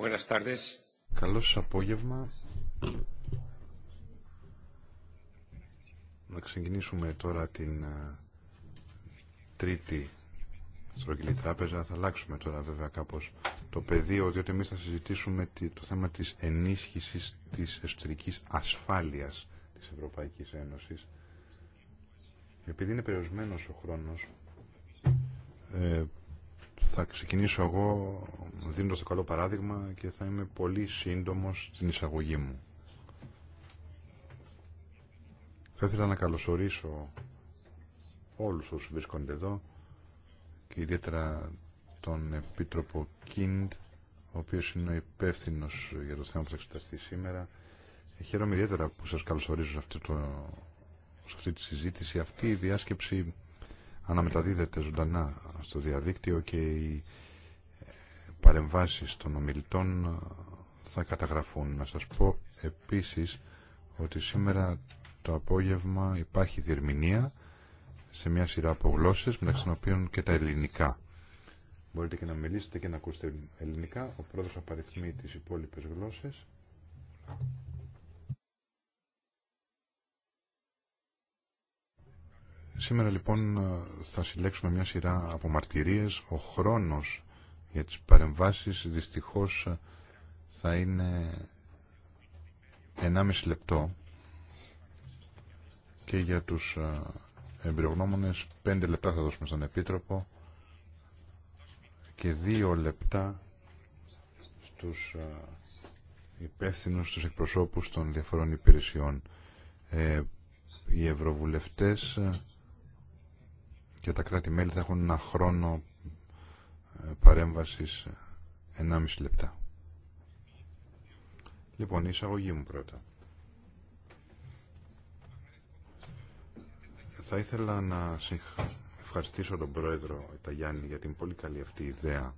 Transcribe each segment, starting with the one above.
Buenas tardes. σας απόγευμα. Να ξεκινήσουμε τώρα την τρίτη στρογγυλή τράπεζα. Θα αλλάξουμε τώρα βέβαια κάπως το πεδίο, διότι εμείς θα συζητήσουμε το θέμα της ενίσχυσης της εσωτερικής ασφάλειας της Ευρωπαϊκής Ένωσης. Επειδή είναι περιορισμένος ο χρόνος, ε, θα ξεκινήσω εγώ δίνοντας το καλό παράδειγμα και θα είμαι πολύ σύντομος στην εισαγωγή μου. Θα ήθελα να καλωσορίσω όλους όσους βρίσκονται εδώ και ιδιαίτερα τον Επίτροπο Κίντ, ο οποίος είναι ο υπεύθυνο για το θέμα που θα εξεταστεί σήμερα. Χαίρομαι ιδιαίτερα που σας καλωσορίζω σε αυτή, το, σε αυτή τη συζήτηση. Αυτή η διάσκεψη αναμεταδίδεται ζωντανά στο διαδίκτυο και οι ε, παρεμβάσεις των ομιλητών ε, θα καταγραφούν. Να σας πω επίσης ότι σήμερα το απόγευμα υπάρχει διερμηνία σε μια σειρά από γλώσσες μεταξύ των οποίων και τα ελληνικά. Μπορείτε και να μιλήσετε και να ακούσετε ελληνικά. Ο πρόεδρος απαριθμεί τις υπόλοιπες γλώσσες. Σήμερα λοιπόν ε, θα συλλέξουμε μια σειρά από μαρτυρίες. Ο χρόνος για τις παρεμβάσεις δυστυχώς ε, θα είναι 1,5 λεπτό και για τους ε, εμπειρογνώμονες 5 λεπτά θα δώσουμε στον Επίτροπο και 2 λεπτά στους υπεύθυνους, στους εκπροσώπους των διαφορών υπηρεσιών. οι ευρωβουλευτές και τα κράτη-μέλη θα έχουν ένα χρόνο ε, παρέμβασης 1,5 ε, λεπτά. Λοιπόν, η εισαγωγή μου πρώτα. Θα ήθελα να ευχαριστήσω τον Πρόεδρο Ταγιάννη για την πολύ καλή αυτή ιδέα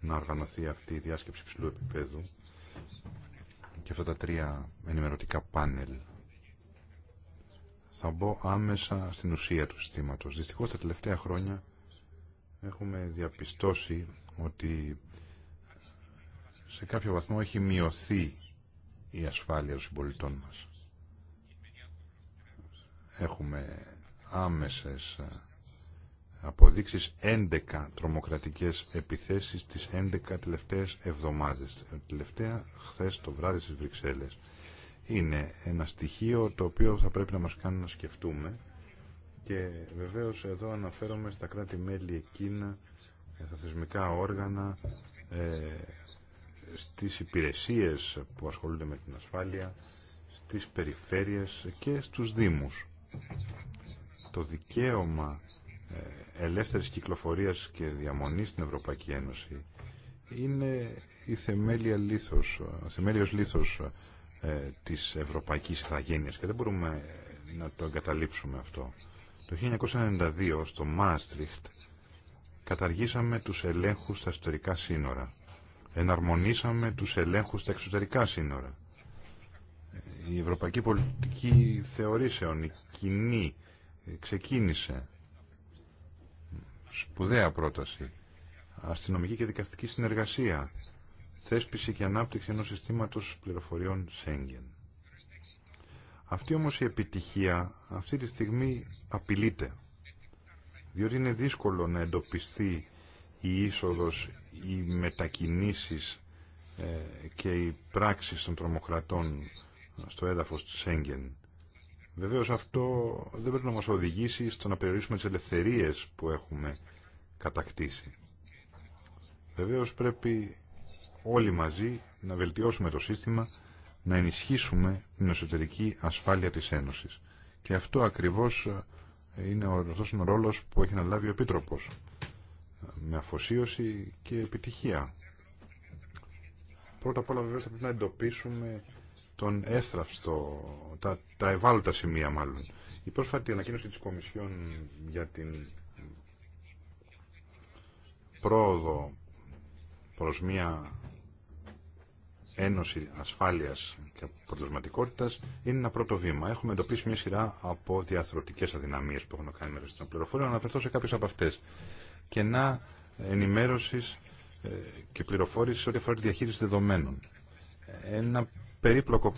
να οργανωθεί αυτή η διάσκεψη ψηλού επίπεδου και αυτά τα τρία ενημερωτικά πάνελ θα μπω άμεσα στην ουσία του συστήματος. Δυστυχώς τα τελευταία χρόνια έχουμε διαπιστώσει ότι σε κάποιο βαθμό έχει μειωθεί η ασφάλεια των συμπολιτών μας. Έχουμε άμεσες ε, αποδείξεις 11 τρομοκρατικές επιθέσεις τις 11 τελευταίες εβδομάδες. Τελευταία χθες το βράδυ στις Βρυξέλλες είναι ένα στοιχείο το οποίο θα πρέπει να μας κάνει να σκεφτούμε και βεβαίως εδώ αναφέρομαι στα κράτη-μέλη εκείνα, στα ε, θεσμικά όργανα, ε, στις υπηρεσίες που ασχολούνται με την ασφάλεια, στις περιφέρειες και στους δήμους. Το δικαίωμα ε, ελεύθερης κυκλοφορίας και διαμονής στην Ευρωπαϊκή Ένωση είναι η θεμέλια λίθος, ε, θεμέλιος λίθος ε, της ευρωπαϊκής ηθαγένειας και δεν μπορούμε ε, να το εγκαταλείψουμε αυτό. Το 1992 στο Μάστριχτ καταργήσαμε τους ελέγχους στα εσωτερικά σύνορα. Εναρμονίσαμε τους ελέγχους στα εξωτερικά σύνορα. Ε, η ευρωπαϊκή πολιτική θεωρήσεων, η κοινή, ε, ξεκίνησε. Σπουδαία πρόταση. Αστυνομική και δικαστική συνεργασία θέσπιση και ανάπτυξη ενός συστήματος πληροφοριών Σέγγεν. Αυτή όμως η επιτυχία αυτή τη στιγμή απειλείται, διότι είναι δύσκολο να εντοπιστεί η είσοδος, οι μετακινήσεις ε, και οι πράξεις των τρομοκρατών στο έδαφος της Σέγγεν. Βεβαίως αυτό δεν πρέπει να μας οδηγήσει στο να περιορίσουμε τις ελευθερίες που έχουμε κατακτήσει. Βεβαίως πρέπει όλοι μαζί να βελτιώσουμε το σύστημα, να ενισχύσουμε την εσωτερική ασφάλεια της Ένωσης. Και αυτό ακριβώς ε, είναι ο, ρόλος που έχει να λάβει ο Επίτροπος με αφοσίωση και επιτυχία. Πρώτα απ' όλα βέβαια θα πρέπει να εντοπίσουμε τον έστραυστο, τα, τα ευάλωτα σημεία μάλλον. Η πρόσφατη ανακοίνωση της Κομισιόν για την πρόοδο προς μια Ένωση ασφάλεια και αποτελεσματικότητα είναι ένα πρώτο βήμα. Έχουμε εντοπίσει μια σειρά από διαθρωτικέ αδυναμίε που έχουν κάνει μέρο των πληροφορία. Αναφερθώ σε κάποιε από αυτέ. Κενά ενημέρωση ε, και πληροφόρηση ό,τι αφορά τη διαχείριση δεδομένων. Ένα περίπλοκο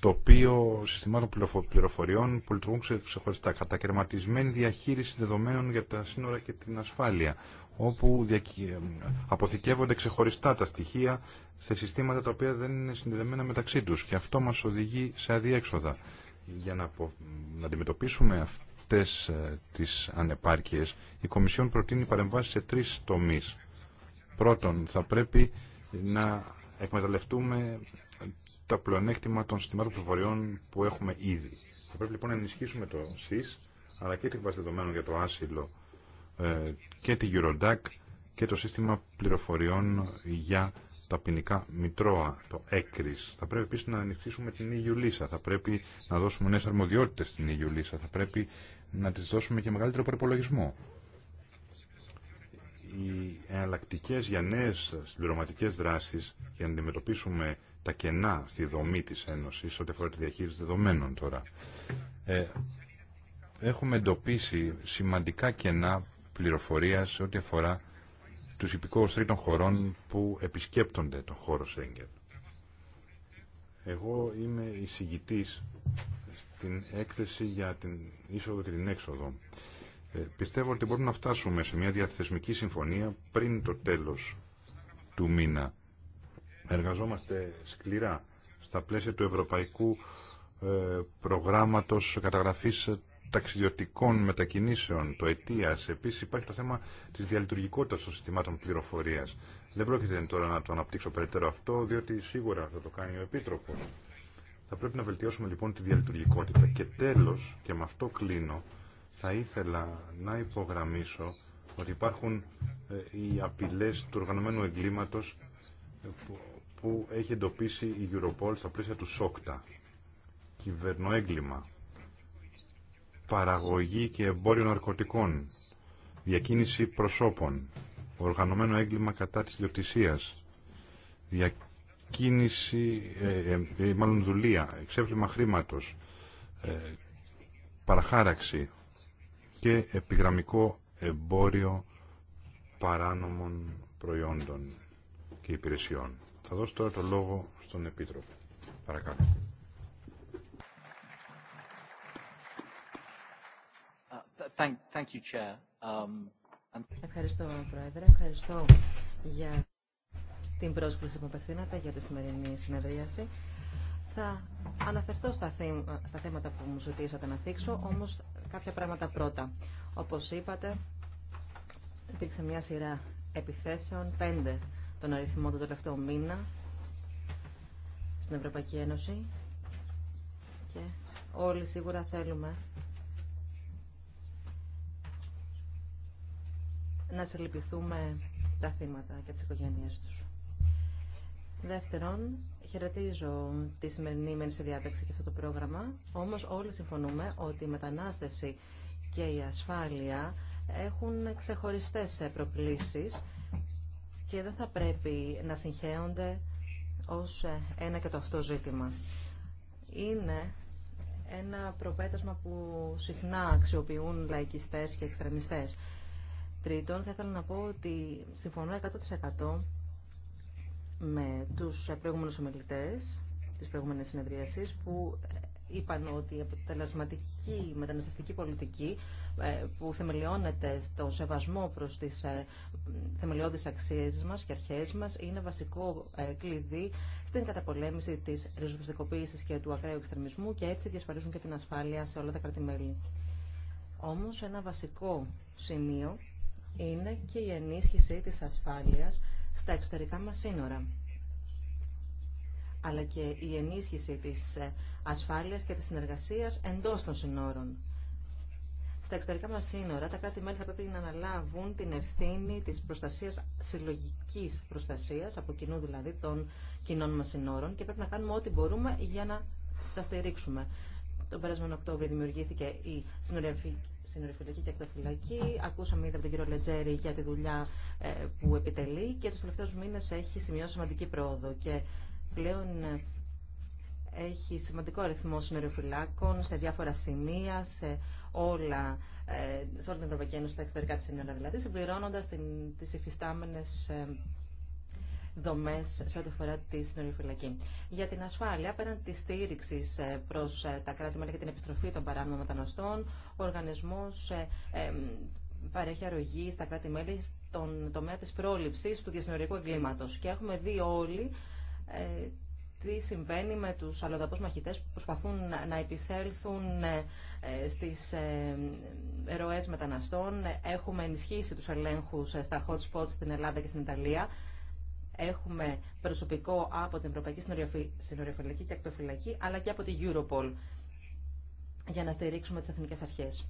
τοπίο συστημάτων πληροφοριών που λειτουργούν ξεχωριστά. Κατακαιρματισμένη διαχείριση δεδομένων για τα σύνορα και την ασφάλεια όπου αποθηκεύονται ξεχωριστά τα στοιχεία σε συστήματα τα οποία δεν είναι συνδεδεμένα μεταξύ τους και αυτό μας οδηγεί σε αδιέξοδα. Για να, να αντιμετωπίσουμε αυτές ε, τις ανεπάρκειες, η Κομισιόν προτείνει παρεμβάσεις σε τρεις τομείς. Πρώτον, θα πρέπει να εκμεταλλευτούμε τα πλεονέκτημα των συστημάτων πληροφοριών που έχουμε ήδη. Θα πρέπει λοιπόν να ενισχύσουμε το ΣΥΣ, αλλά και την βάση δεδομένων για το άσυλο ε, και τη Eurodac και το σύστημα πληροφοριών για τα ποινικά μητρώα, το ECRIS. Θα πρέπει επίση να ανοιχτήσουμε την EU Θα πρέπει να δώσουμε νέε αρμοδιότητε στην EU Θα πρέπει να τη δώσουμε και μεγαλύτερο προπολογισμό. Οι εναλλακτικέ για νέε συμπληρωματικέ δράσει για να αντιμετωπίσουμε τα κενά στη δομή τη Ένωση ό,τι αφορά τη διαχείριση δεδομένων τώρα. Ε, έχουμε εντοπίσει σημαντικά κενά σε ό,τι αφορά του υπηκόου τρίτων χωρών που επισκέπτονται τον χώρο Σέγγεν. Εγώ είμαι εισηγητή στην έκθεση για την είσοδο και την έξοδο. Ε, πιστεύω ότι μπορούμε να φτάσουμε σε μια διαθεσμική συμφωνία πριν το τέλος του μήνα. Εργαζόμαστε σκληρά στα πλαίσια του ευρωπαϊκού ε, προγράμματος καταγραφής ταξιδιωτικών μετακινήσεων, το αιτία. Επίση υπάρχει το θέμα τη διαλειτουργικότητα των συστημάτων πληροφορία. Δεν πρόκειται τώρα να το αναπτύξω περαιτέρω αυτό, διότι σίγουρα θα το κάνει ο Επίτροπο. Θα πρέπει να βελτιώσουμε λοιπόν τη διαλειτουργικότητα. Και τέλο, και με αυτό κλείνω, θα ήθελα να υπογραμμίσω ότι υπάρχουν ε, οι απειλέ του οργανωμένου εγκλήματο που έχει εντοπίσει η Europol στα πλαίσια του ΣΟΚΤΑ. Κυβερνοέγκλημα παραγωγή και εμπόριο ναρκωτικών, διακίνηση προσώπων, οργανωμένο έγκλημα κατά της διοκτησίας, διακίνηση, ε, ε, ε, μάλλον δουλεία, εξέπλημα χρήματος, ε, παραχάραξη και επιγραμμικό εμπόριο παράνομων προϊόντων και υπηρεσιών. Θα δώσω τώρα το λόγο στον Επίτροπο. Παρακαλώ. Um, Ευχαριστώ, Πρόεδρε. Ευχαριστώ για την πρόσκληση που απευθύνατε για τη σημερινή συνεδρίαση. Θα αναφερθώ στα, θέματα, που μου ζητήσατε να θίξω, όμως κάποια πράγματα πρώτα. Όπως είπατε, υπήρξε μια σειρά επιθέσεων, πέντε τον αριθμό του τελευταίο μήνα στην Ευρωπαϊκή Ένωση και όλοι σίγουρα θέλουμε να συλληπιθούμε τα θύματα και τις οικογένειές τους. Δεύτερον, χαιρετίζω τη σημερινή σε διάταξη και αυτό το πρόγραμμα, όμως όλοι συμφωνούμε ότι η μετανάστευση και η ασφάλεια έχουν ξεχωριστές προκλήσεις και δεν θα πρέπει να συγχέονται ως ένα και το αυτό ζήτημα. Είναι ένα προπέτασμα που συχνά αξιοποιούν λαϊκιστές και εξτρεμιστές. Τρίτον, θα ήθελα να πω ότι συμφωνώ 100% με τους προηγούμενους ομιλητές της προηγούμενης συνεδρίασης που είπαν ότι η αποτελεσματική μεταναστευτική πολιτική ε, που θεμελιώνεται στο σεβασμό προς τις ε, θεμελιώδεις αξίες μας και αρχές μας είναι βασικό ε, κλειδί στην καταπολέμηση της ριζοσπαστικοποίησης και του ακραίου εξτρεμισμού και έτσι διασφαλίζουν και την ασφάλεια σε όλα τα κράτη-μέλη. Όμως ένα βασικό σημείο είναι και η ενίσχυση της ασφάλειας στα εξωτερικά μας σύνορα αλλά και η ενίσχυση της ε, ασφάλειας και της συνεργασίας εντός των σύνορων. Στα εξωτερικά μας σύνορα, τα κράτη-μέλη θα πρέπει να αναλάβουν την ευθύνη της προστασίας, συλλογικής προστασίας, από κοινού δηλαδή των κοινών μας σύνορων και πρέπει να κάνουμε ό,τι μπορούμε για να τα στηρίξουμε. Τον περασμένο Οκτώβριο δημιουργήθηκε η συνοριοφυλακή και ακτοφυλακή. Ακούσαμε ήδη από τον κύριο Λετζέρη για τη δουλειά ε, που επιτελεί και τους τελευταίους μήνες έχει σημειώσει σημαντική πρόοδο και πλέον ε, έχει σημαντικό αριθμό συνοριοφυλάκων σε διάφορα σημεία, σε, όλα, ε, σε όλη την Ευρωπαϊκή Ένωση, στα εξωτερικά της σύνορα δηλαδή, συμπληρώνοντας τις υφιστάμενες δομές σε ό,τι αφορά τη συνοριοφυλακή. Για την ασφάλεια, πέραν τη στήριξη ε, προ ε, τα κράτη-μέλη και την επιστροφή των παράνομων μεταναστών, ο οργανισμός ε, παρέχει αρρωγή στα κράτη-μέλη στον τομέα τη πρόληψη του διασυνοριακού εγκλήματο. Και έχουμε δει όλοι τι συμβαίνει με του αλλοδαπού μαχητέ που προσπαθούν να επισέλθουν στι στις μεταναστών. Έχουμε ενισχύσει τους ελέγχους στα hot spots στην Ελλάδα και στην Ιταλία Έχουμε προσωπικό από την Ευρωπαϊκή Συνοριοφυλακή και Ακτοφυλακή, αλλά και από την Europol, για να στηρίξουμε τις εθνικές αρχές.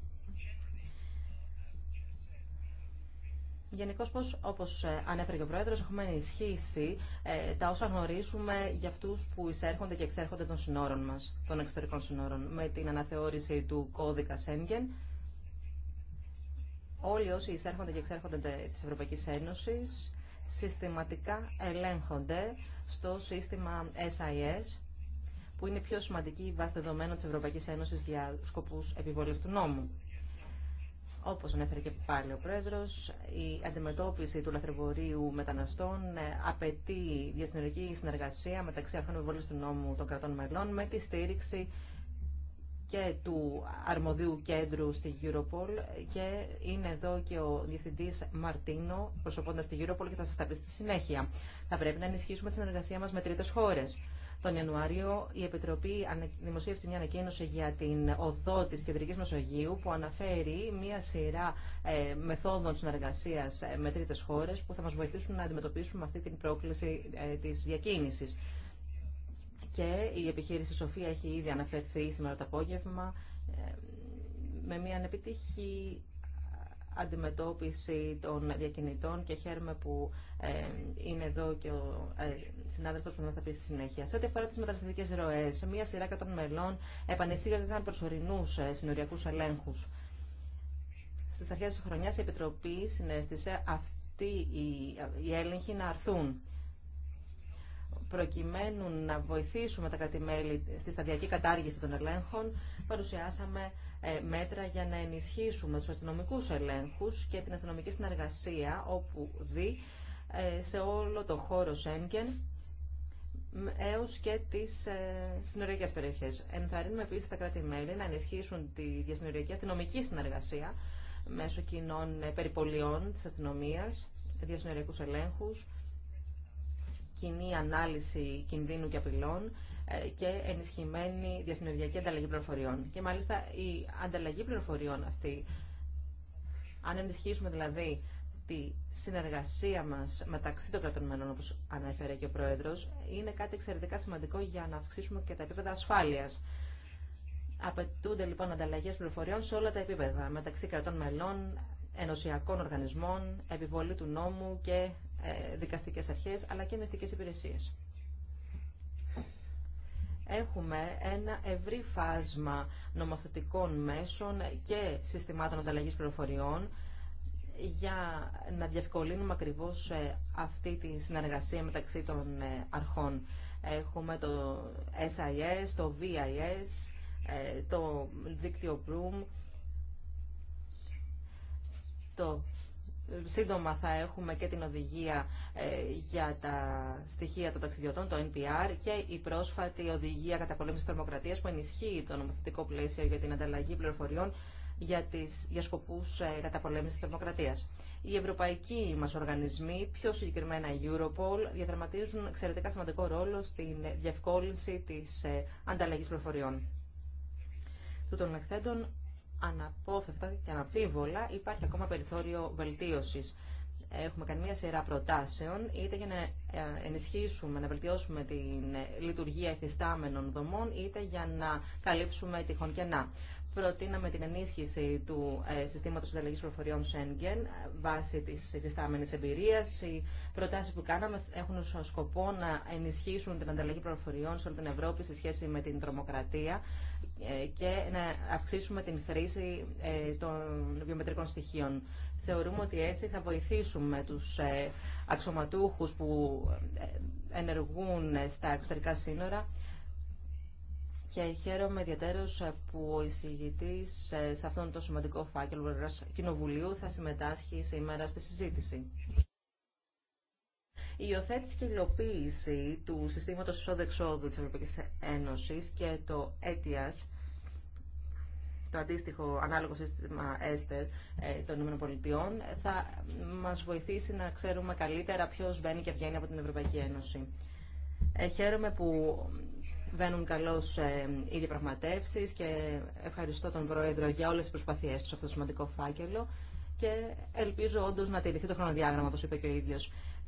Γενικώ, όπω ε, ανέφερε και ο Πρόεδρο, έχουμε ενισχύσει ε, τα όσα γνωρίζουμε για αυτού που εισέρχονται και εξέρχονται των συνόρων μα, των εξωτερικών συνόρων, με την αναθεώρηση του κώδικα Σέγγεν. Όλοι όσοι εισέρχονται και εξέρχονται τη Ευρωπαϊκή Ένωση συστηματικά ελέγχονται στο σύστημα SIS, που είναι η πιο σημαντική βάση δεδομένων της Ευρωπαϊκής Ένωσης για σκοπούς επιβολής του νόμου. Όπως ανέφερε και πάλι ο Πρόεδρος, η αντιμετώπιση του λαθρεμπορίου μεταναστών ε, απαιτεί διασυνορική συνεργασία μεταξύ αρχών επιβολής του νόμου των κρατών μελών με τη στήριξη και του αρμοδίου κέντρου στη Europol και είναι εδώ και ο διευθυντής Μαρτίνο προσωπώντα τη Europol και θα σα τα πει στη συνέχεια. Θα πρέπει να ενισχύσουμε τη συνεργασία μα με τρίτες χώρε. Τον Ιανουάριο η Επιτροπή δημοσίευσε μια ανακοίνωση για την οδό τη Κεντρική Μεσογείου που αναφέρει μια σειρά ε, μεθόδων συνεργασία ε, με τρίτε χώρε που θα μα βοηθήσουν να αντιμετωπίσουμε αυτή την πρόκληση ε, τη διακίνηση και η επιχείρηση Σοφία έχει ήδη αναφερθεί σήμερα το απόγευμα ε, με μια ανεπιτυχή αντιμετώπιση των διακινητών και χαίρομαι που ε, είναι εδώ και ο ε, συνάδελφος που μας θα πει στη συνέχεια. Σε ό,τι αφορά τις μεταναστευτικές ροές, μια σειρά των μελών επανεσύγαγαν προσωρινούς συνοριακούς ελέγχους. Στις αρχές της χρονιάς η Επιτροπή συνέστησε αυτή η έλεγχη να αρθούν προκειμένου να βοηθήσουμε τα κρατημέλη στη σταδιακή κατάργηση των ελέγχων, παρουσιάσαμε ε, μέτρα για να ενισχύσουμε τους αστυνομικούς ελέγχους και την αστυνομική συνεργασία όπου δει ε, σε όλο το χώρο Σέγγεν έως και τις ε, συνοριακές περιοχές. Ενθαρρύνουμε επίσης τα κράτη-μέλη να ενισχύσουν τη διασυνοριακή αστυνομική συνεργασία μέσω κοινών περιπολιών της αστυνομίας, διασυνοριακούς ελέγχους, κοινή ανάλυση κινδύνου και απειλών ε, και ενισχυμένη διασυνοριακή ανταλλαγή πληροφοριών. Και μάλιστα η ανταλλαγή πληροφοριών αυτή, αν ενισχύσουμε δηλαδή τη συνεργασία μας μεταξύ των κρατών μελών, όπως ανέφερε και ο Πρόεδρος, είναι κάτι εξαιρετικά σημαντικό για να αυξήσουμε και τα επίπεδα ασφάλειας. Απαιτούνται λοιπόν ανταλλαγές πληροφοριών σε όλα τα επίπεδα, μεταξύ κρατών μελών, ενωσιακών οργανισμών, επιβολή του νόμου και ε, δικαστικές αρχές, αλλά και μυστικές υπηρεσίες. Έχουμε ένα ευρύ φάσμα νομοθετικών μέσων και συστημάτων ανταλλαγής πληροφοριών για να διευκολύνουμε ακριβώς ε, αυτή τη συνεργασία μεταξύ των ε, αρχών. Έχουμε το SIS, το VIS, το δίκτυο Broom, το Σύντομα θα έχουμε και την οδηγία ε, για τα στοιχεία των ταξιδιωτών, το NPR, και η πρόσφατη οδηγία καταπολέμησης θερμοκρατία που ενισχύει το νομοθετικό πλαίσιο για την ανταλλαγή πληροφοριών για, τις, για σκοπούς ε, καταπολέμησης θερμοκρατίας. Οι ευρωπαϊκοί μας οργανισμοί, πιο συγκεκριμένα η Europol, διαδραματίζουν εξαιρετικά σημαντικό ρόλο στην διευκόλυνση της ε, ανταλλαγής πληροφοριών. Του των αναπόφευκτα και αναμφίβολα υπάρχει ακόμα περιθώριο βελτίωσης. Έχουμε κάνει μια σειρά προτάσεων, είτε για να ε, ενισχύσουμε, να βελτιώσουμε την ε, λειτουργία εφιστάμενων δομών, είτε για να καλύψουμε τυχόν κενά προτείναμε την ενίσχυση του ε, συστήματο ανταλλαγή προφοριών Schengen ε, βάσει τη υφιστάμενη εμπειρία. Οι προτάσει που κάναμε έχουν ως σκοπό να ενισχύσουν την ανταλλαγή προφοριών σε όλη την Ευρώπη σε σχέση με την τρομοκρατία ε, και να αυξήσουμε την χρήση ε, των βιομετρικών στοιχείων. Θεωρούμε ότι έτσι θα βοηθήσουμε τους αξιωματούχους που ενεργούν στα εξωτερικά σύνορα και χαίρομαι ιδιαίτερω που ο εισηγητή ε, σε αυτόν τον σημαντικό φάκελο Κοινοβουλίου θα συμμετάσχει σήμερα στη συζήτηση. Η υιοθέτηση και υλοποίηση του συστήματος εισόδου-εξόδου της Ευρωπαϊκής Ένωσης και το ΕΤΙΑΣ, το αντίστοιχο ανάλογο σύστημα ΕΣΤΕΡ ε, των ΗΠΑ, θα μας βοηθήσει να ξέρουμε καλύτερα ποιος μπαίνει και βγαίνει από την Ευρωπαϊκή Ένωση. Ε, που βαίνουν καλώ ε, οι διαπραγματεύσει και ευχαριστώ τον Πρόεδρο για όλε τι προσπαθίε του σε αυτό το σημαντικό φάκελο και ελπίζω όντω να τηρηθεί το χρονοδιάγραμμα, όπω είπε και ο ίδιο.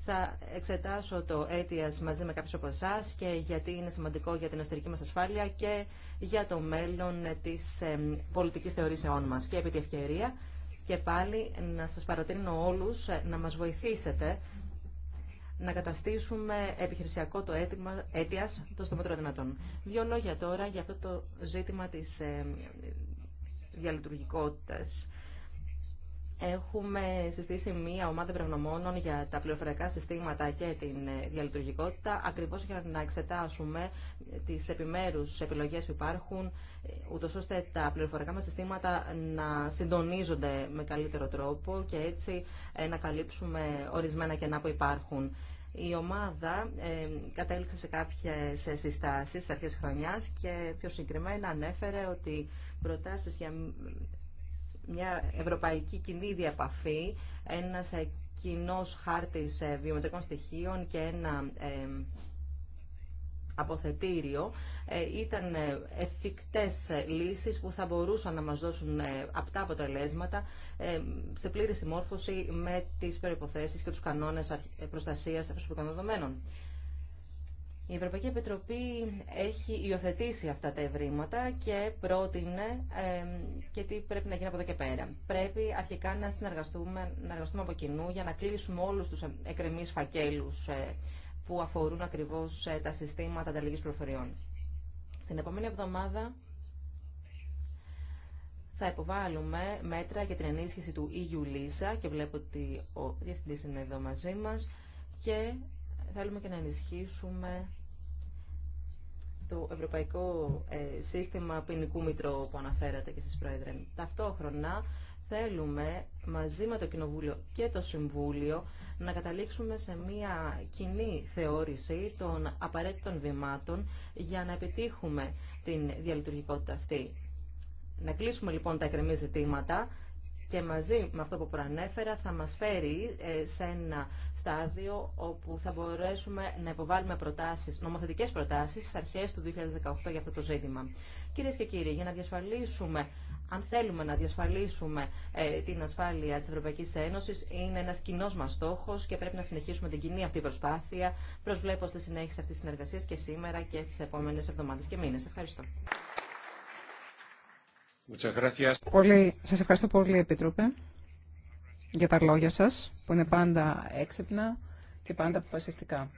Θα εξετάσω το αίτια μαζί με κάποιου από εσά και γιατί είναι σημαντικό για την εσωτερική μα ασφάλεια και για το μέλλον τη ε, πολιτική θεωρήσεών μα. Και επί τη ευκαιρία και πάλι να σα παροτρύνω όλου ε, να μα βοηθήσετε να καταστήσουμε επιχειρησιακό το αίτημα αίτιας το στομότερο δυνατόν. Δύο λόγια τώρα για αυτό το ζήτημα της ε, Έχουμε συστήσει μία ομάδα προγνωμόνων για τα πληροφοριακά συστήματα και την ε, διαλειτουργικότητα, ακριβώς για να εξετάσουμε τις επιμέρους επιλογές που υπάρχουν, ε, ούτω ώστε τα πληροφοριακά μα συστήματα να συντονίζονται με καλύτερο τρόπο και έτσι ε, να καλύψουμε ορισμένα κενά που υπάρχουν. Η ομάδα ε, κατέληξε σε κάποιες συστάσεις στις αρχές χρονιάς και πιο συγκεκριμένα ανέφερε ότι προτάσεις για μια ευρωπαϊκή κοινή διαπαφή, ένας ε, κοινός χάρτης ε, βιομετρικών στοιχείων και ένα αποθετήριο ε, ήταν ε, εφικτές λύσεις που θα μπορούσαν να μας δώσουν ε, απτά αποτελέσματα σε πλήρη συμμόρφωση με τις προϋποθέσεις και τους κανόνες προστασίας προσωπικών δεδομένων. Η Ευρωπαϊκή Επιτροπή έχει υιοθετήσει αυτά τα ευρήματα και πρότεινε ε, και τι πρέπει να γίνει από εδώ και πέρα. Πρέπει αρχικά να συνεργαστούμε, να από κοινού για να κλείσουμε όλους τους εκκρεμείς φακέλους που αφορούν ακριβώς ε, τα συστήματα ανταλλαγή προφοριών. Την επόμενη εβδομάδα θα υποβάλουμε μέτρα για την ενίσχυση του EU Lisa και βλέπω ότι ο διευθυντή είναι εδώ μαζί μας και θέλουμε και να ενισχύσουμε το Ευρωπαϊκό ε, Σύστημα Ποινικού Μητρώου που αναφέρατε και στις Πρόεδρε. Ταυτόχρονα θέλουμε μαζί με το Κοινοβούλιο και το Συμβούλιο να καταλήξουμε σε μια κοινή θεώρηση των απαραίτητων βημάτων για να επιτύχουμε την διαλειτουργικότητα αυτή. Να κλείσουμε λοιπόν τα εκκρεμή ζητήματα και μαζί με αυτό που προανέφερα θα μας φέρει ε, σε ένα στάδιο όπου θα μπορέσουμε να υποβάλουμε προτάσεις, νομοθετικές προτάσεις στις αρχές του 2018 για αυτό το ζήτημα. Κυρίες και κύριοι, για να διασφαλίσουμε αν θέλουμε να διασφαλίσουμε ε, την ασφάλεια της Ευρωπαϊκής Ένωσης, είναι ένας κοινό μας στόχος και πρέπει να συνεχίσουμε την κοινή αυτή προσπάθεια. Προσβλέπω στη συνέχιση αυτής της συνεργασίας και σήμερα και στις επόμενες εβδομάδες και μήνες. Ευχαριστώ. Σα σας ευχαριστώ πολύ, Επίτροπε, για τα λόγια σας, που είναι πάντα έξυπνα και πάντα αποφασιστικά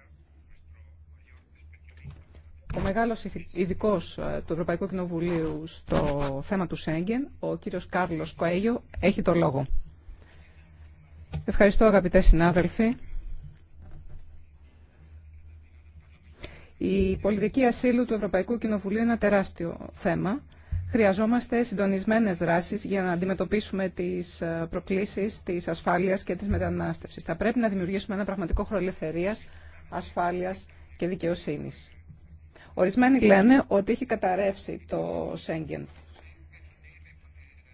ο μεγάλος ειδικό ε, του Ευρωπαϊκού Κοινοβουλίου στο θέμα του Σέγγεν, ο κύριος Κάρλος Κοέγιο, έχει το λόγο. Ευχαριστώ αγαπητέ συνάδελφοι. Η πολιτική ασύλου του Ευρωπαϊκού Κοινοβουλίου είναι ένα τεράστιο θέμα. Χρειαζόμαστε συντονισμένες δράσεις για να αντιμετωπίσουμε τις ε, προκλήσεις της ασφάλειας και της μετανάστευσης. Θα πρέπει να δημιουργήσουμε ένα πραγματικό χρόνο ασφάλειας και δικαιοσύνης. Ορισμένοι λένε ότι έχει καταρρεύσει το Σέγγεν.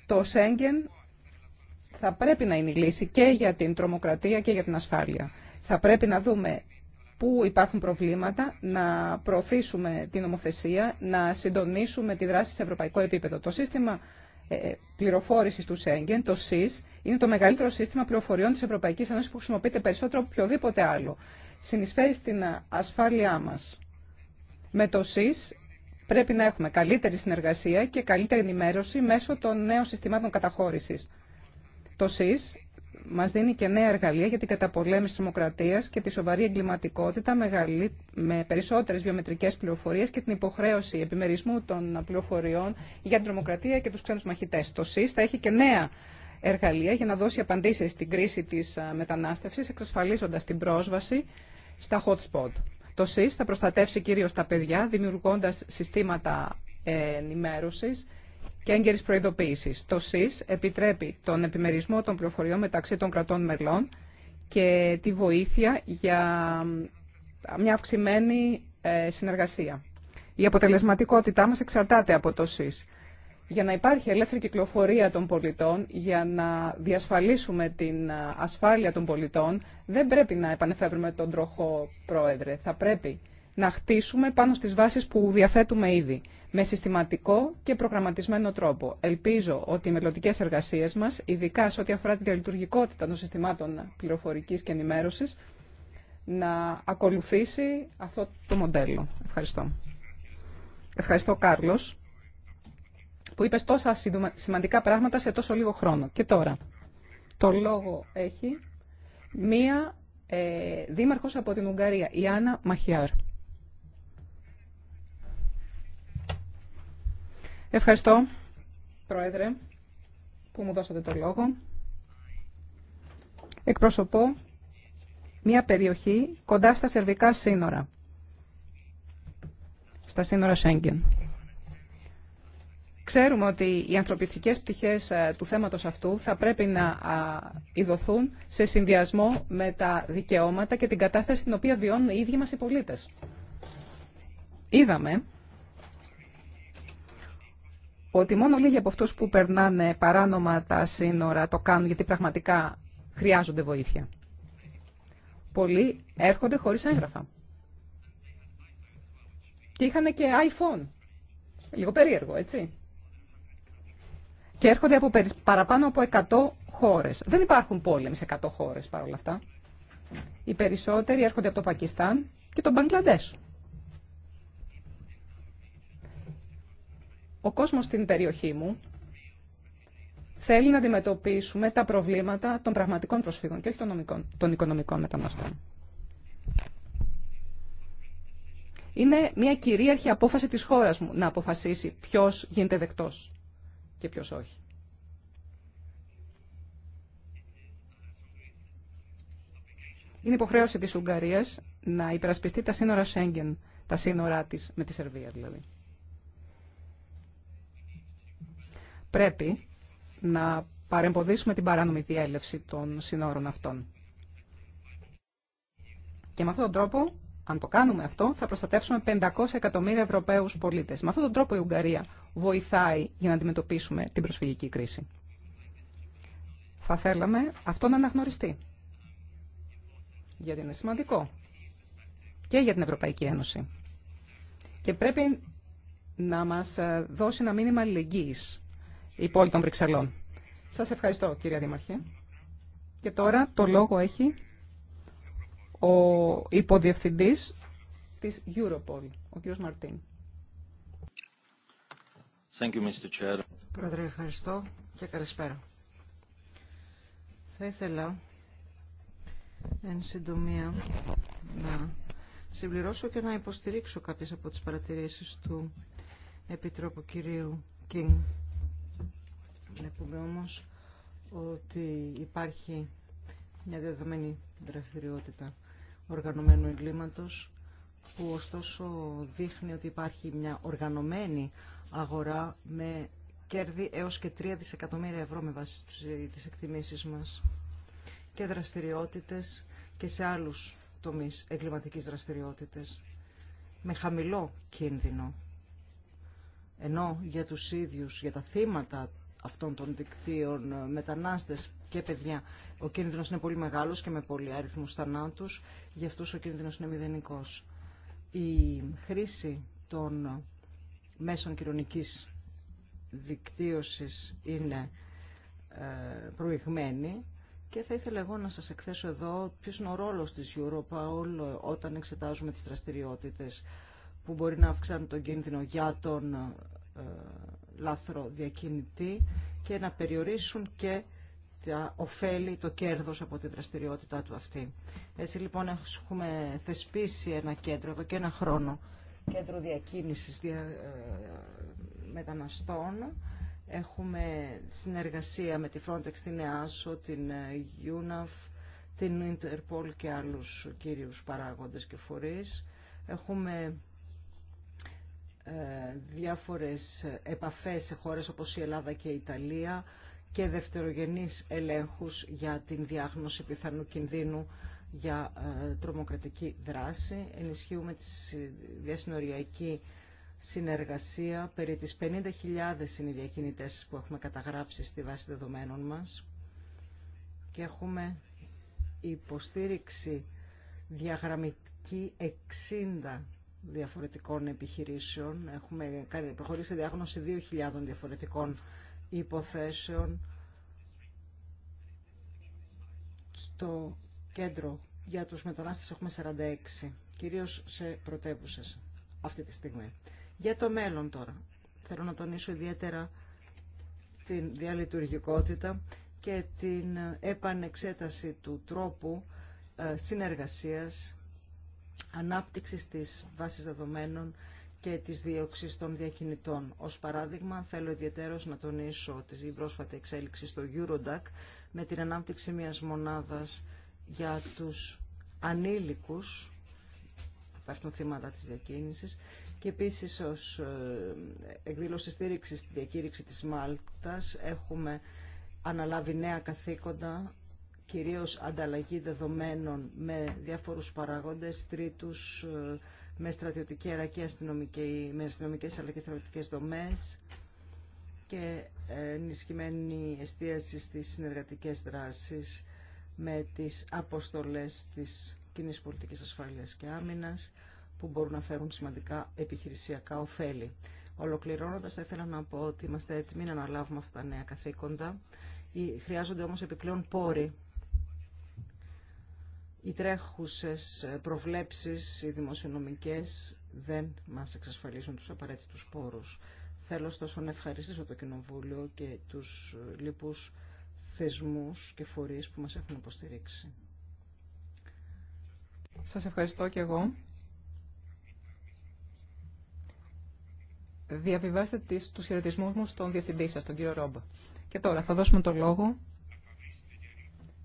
Το Σέγγεν θα πρέπει να είναι η λύση και για την τρομοκρατία και για την ασφάλεια. Θα πρέπει να δούμε πού υπάρχουν προβλήματα, να προωθήσουμε την νομοθεσία, να συντονίσουμε τη δράση σε ευρωπαϊκό επίπεδο. Το σύστημα ε, ε, πληροφόρησης του Σέγγεν, το ΣΥΣ, είναι το μεγαλύτερο σύστημα πληροφοριών της Ευρωπαϊκής Ένωσης που χρησιμοποιείται περισσότερο από οποιοδήποτε άλλο. Συνεισφέρει στην ασφάλειά μας. Με το ΣΥΣ πρέπει να έχουμε καλύτερη συνεργασία και καλύτερη ενημέρωση μέσω των νέων συστημάτων καταχώρησης. Το ΣΥΣ μα δίνει και νέα εργαλεία για την καταπολέμηση τη δημοκρατία και τη σοβαρή εγκληματικότητα με περισσότερε βιομετρικέ πληροφορίε και την υποχρέωση επιμερισμού των πληροφοριών για την τρομοκρατία και του ξένου μαχητέ. Το ΣΥΣ θα έχει και νέα εργαλεία για να δώσει απαντήσει στην κρίση τη μετανάστευση, εξασφαλίζοντα την πρόσβαση στα hot spot. Το ΣΥΣ θα προστατεύσει κυρίως τα παιδιά, δημιουργώντας συστήματα ενημέρωσης και έγκαιρης προειδοποίησης. Το ΣΥΣ επιτρέπει τον επιμερισμό των πληροφοριών μεταξύ των κρατών μελών και τη βοήθεια για μια αυξημένη ε, συνεργασία. Η αποτελεσματικότητά μας εξαρτάται από το ΣΥΣ για να υπάρχει ελεύθερη κυκλοφορία των πολιτών, για να διασφαλίσουμε την ε, ασφάλεια των πολιτών, δεν πρέπει να επανεφεύρουμε τον τροχό πρόεδρε. Θα πρέπει να χτίσουμε πάνω στις βάσεις που διαθέτουμε ήδη, με συστηματικό και προγραμματισμένο τρόπο. Ελπίζω ότι οι μελλοντικέ εργασίες μας, ειδικά σε ό,τι αφορά τη διαλειτουργικότητα των συστημάτων πληροφορικής και ενημέρωσης, να ακολουθήσει αυτό το μοντέλο. Ευχαριστώ. Ευχαριστώ, Κάρλος που είπες τόσα σημαντικά πράγματα σε τόσο λίγο χρόνο. Και τώρα, το λόγο έχει μία ε, δήμαρχος από την Ουγγαρία, η Άννα Μαχιάρ. Ευχαριστώ, Πρόεδρε, που μου δώσατε το λόγο. Εκπροσωπώ μία περιοχή κοντά στα σερβικά σύνορα, στα σύνορα Σέγγεν. Ξέρουμε ότι οι ανθρωπιστικές πτυχές ε, του θέματος αυτού θα πρέπει να ειδωθούν σε συνδυασμό με τα δικαιώματα και την κατάσταση την οποία βιώνουν οι ίδιοι μας οι πολίτες. Είδαμε ότι μόνο λίγοι από αυτούς που περνάνε παράνομα τα σύνορα το κάνουν γιατί πραγματικά χρειάζονται βοήθεια. Πολλοί έρχονται χωρίς έγγραφα. Και είχαν και iPhone. Λίγο περίεργο, έτσι και έρχονται από παραπάνω από 100 χώρες. Δεν υπάρχουν πόλεμοι σε 100 χώρες παρόλα αυτά. Οι περισσότεροι έρχονται από το Πακιστάν και τον Μπαγκλαντές. Ο κόσμος στην περιοχή μου θέλει να αντιμετωπίσουμε τα προβλήματα των πραγματικών προσφύγων και όχι των, των οικονομικών μεταναστών. Είναι μια κυρίαρχη απόφαση της χώρας μου να αποφασίσει ποιος γίνεται δεκτός και ποιος όχι. Είναι υποχρέωση της Ουγγαρίας να υπερασπιστεί τα σύνορα Σέγγεν, τα σύνορά της με τη Σερβία δηλαδή. Πρέπει να παρεμποδίσουμε την παράνομη διέλευση των σύνορων αυτών. Και με αυτόν τον τρόπο αν το κάνουμε αυτό, θα προστατεύσουμε 500 εκατομμύρια Ευρωπαίους πολίτες. Με αυτόν τον τρόπο η Ουγγαρία βοηθάει για να αντιμετωπίσουμε την προσφυγική κρίση. Θα θέλαμε αυτό να αναγνωριστεί. Γιατί είναι σημαντικό. Και για την Ευρωπαϊκή Ένωση. Και πρέπει να μας ε, δώσει ένα μήνυμα αλληλεγγύης η πόλη των Βρυξελών. σα ευχαριστώ, κύριε Δήμαρχε. Και τώρα το λόγο έχει ο υποδιευθυντής της Europol, ο κ. Μαρτίν. Thank Πρόεδρε, ευχαριστώ και καλησπέρα. Θα ήθελα, εν συντομία, να συμπληρώσω και να υποστηρίξω κάποιες από τις παρατηρήσεις του Επιτρόπου κυρίου Κίνγκ. Βλέπουμε όμως ότι υπάρχει μια δεδομένη δραστηριότητα οργανωμένου εγκλήματος που ωστόσο δείχνει ότι υπάρχει μια οργανωμένη αγορά με κέρδη έως και 3 δισεκατομμύρια ευρώ με βάση τις εκτιμήσεις μας και δραστηριότητες και σε άλλους τομείς εγκληματικής δραστηριότητες με χαμηλό κίνδυνο. Ενώ για τους ίδιους, για τα θύματα αυτών των δικτύων ε, μετανάστες και παιδιά. Ο κίνδυνος είναι πολύ μεγάλος και με πολύ αριθμούς θανάτους, Γι' αυτούς ο κίνδυνος είναι μηδενικός. Η χρήση των μέσων κοινωνικής δικτύωσης είναι ε, προηγμένη και θα ήθελα εγώ να σας εκθέσω εδώ ποιος είναι ο ρόλος της όλο, όταν εξετάζουμε τις δραστηριότητε που μπορεί να αυξάνουν τον κίνδυνο για τον ε, λάθρο διακινητή και να περιορίσουν και τα το κέρδος από τη δραστηριότητά του αυτή. Έτσι λοιπόν έχουμε θεσπίσει ένα κέντρο εδώ και ένα χρόνο, κέντρο διακίνησης ε, μεταναστών. Έχουμε συνεργασία με τη Frontex, την EASO, την ε, UNAF, την Interpol και άλλους κύριους παράγοντες και φορείς. Έχουμε ε, διάφορες επαφές σε χώρες όπως η Ελλάδα και η Ιταλία και δευτερογενείς ελέγχους για την διάγνωση πιθανού κινδύνου για ε, τρομοκρατική δράση. Ενισχύουμε τη διασυνοριακή συνεργασία. Περί τις 50.000 είναι οι διακινητές που έχουμε καταγράψει στη βάση δεδομένων μας και έχουμε υποστήριξη διαγραμμική 60 διαφορετικών επιχειρήσεων. Έχουμε προχωρήσει διάγνωση 2.000 διαφορετικών υποθέσεων στο κέντρο για τους μετανάστες έχουμε 46, κυρίως σε πρωτεύουσε αυτή τη στιγμή. Για το μέλλον τώρα, θέλω να τονίσω ιδιαίτερα την διαλειτουργικότητα και την επανεξέταση του τρόπου ε, συνεργασίας, ανάπτυξης της βάσης δεδομένων και τη δίωξη των διακινητών. Ως παράδειγμα, θέλω ιδιαίτερως να τονίσω τη πρόσφατη εξέλιξη στο Eurodac με την ανάπτυξη μιας μονάδας για τους ανήλικους, υπάρχουν θύματα της διακίνησης, και επίσης ως ε, εκδήλωση στήριξη στη διακήρυξη της Μάλτας έχουμε αναλάβει νέα καθήκοντα κυρίως ανταλλαγή δεδομένων με διάφορους παράγοντες, τρίτους ε, με στρατιωτική αλλά και αστυνομική, με αστυνομικές αλλά και στρατιωτικές δομές και ενισχυμένη εστίαση στις συνεργατικές δράσεις με τις αποστολές της κοινή πολιτικής ασφάλειας και άμυνας που μπορούν να φέρουν σημαντικά επιχειρησιακά ωφέλη. Ολοκληρώνοντας, θα ήθελα να πω ότι είμαστε έτοιμοι να αναλάβουμε αυτά τα νέα καθήκοντα. Χρειάζονται όμως επιπλέον πόροι οι τρέχουσες προβλέψεις, οι δημοσιονομικές, δεν μας εξασφαλίζουν τους απαραίτητους πόρους. Θέλω ωστόσο να ευχαριστήσω το Κοινοβούλιο και τους λοιπούς θεσμούς και φορείς που μας έχουν υποστηρίξει. Σας ευχαριστώ και εγώ. Διαβιβάστε τις, τους χαιρετισμούς μου στον διευθυντή σας, τον κύριο Ρόμπα. Και τώρα θα δώσουμε το λόγο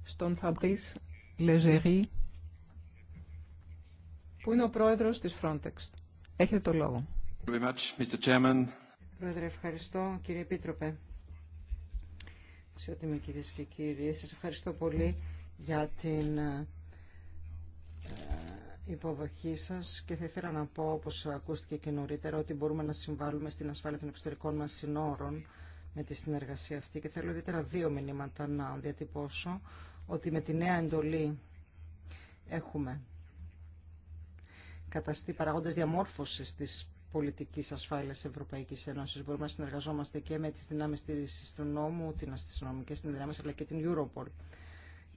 στον Φαμπρίς Λεζερή, που είναι ο πρόεδρος της Frontex. Έχετε το λόγο. Πρόεδρε, ευχαριστώ. Κύριε Επίτροπε, αξιότιμοι κυρίες και κύριοι, σας ευχαριστώ πολύ για την ε, ε, υποδοχή σας και θα ήθελα να πω, όπως ακούστηκε και νωρίτερα, ότι μπορούμε να συμβάλλουμε στην ασφάλεια των εξωτερικών μας συνόρων με τη συνεργασία αυτή και θέλω ιδιαίτερα δύο μηνύματα να διατυπώσω ότι με τη νέα εντολή έχουμε καταστεί παραγόντες διαμόρφωσης της πολιτικής ασφάλειας Ευρωπαϊκής Ένωσης. Μπορούμε να συνεργαζόμαστε και με τις δυνάμεις του νόμου, την αστυνομική την δυνάμεις αλλά και την Europol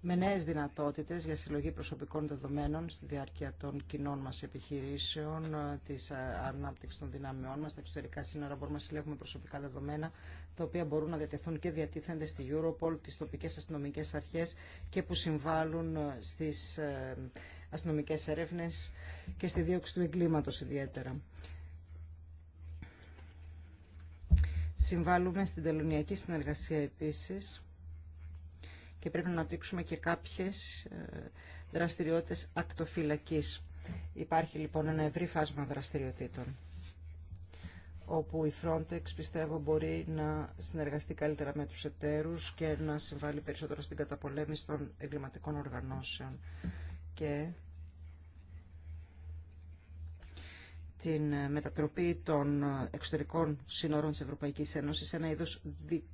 με νέες δυνατότητες για συλλογή προσωπικών δεδομένων στη διάρκεια των κοινών μας επιχειρήσεων, ε, της ε, ανάπτυξης των δυνάμεών μας, τα εξωτερικά σύνορα μπορούμε να συλλέγουμε προσωπικά δεδομένα, τα οποία μπορούν να διατεθούν και διατίθενται στη Europol, τις τοπικές αστυνομικές αρχές και που συμβάλλουν ε, στις αστυνομικές έρευνες και στη δίωξη του εγκλήματος ιδιαίτερα. Συμβάλλουμε στην τελωνιακή συνεργασία επίσης, και πρέπει να αναπτύξουμε και κάποιες ε, δραστηριότητες ακτοφυλακής. Υπάρχει λοιπόν ένα ευρύ φάσμα δραστηριοτήτων όπου η Frontex πιστεύω μπορεί να συνεργαστεί καλύτερα με τους εταίρους και να συμβάλλει περισσότερο στην καταπολέμηση των εγκληματικών οργανώσεων και την μετατροπή των εξωτερικών σύνορων της Ευρωπαϊκής Ένωσης σε ένα είδος δικού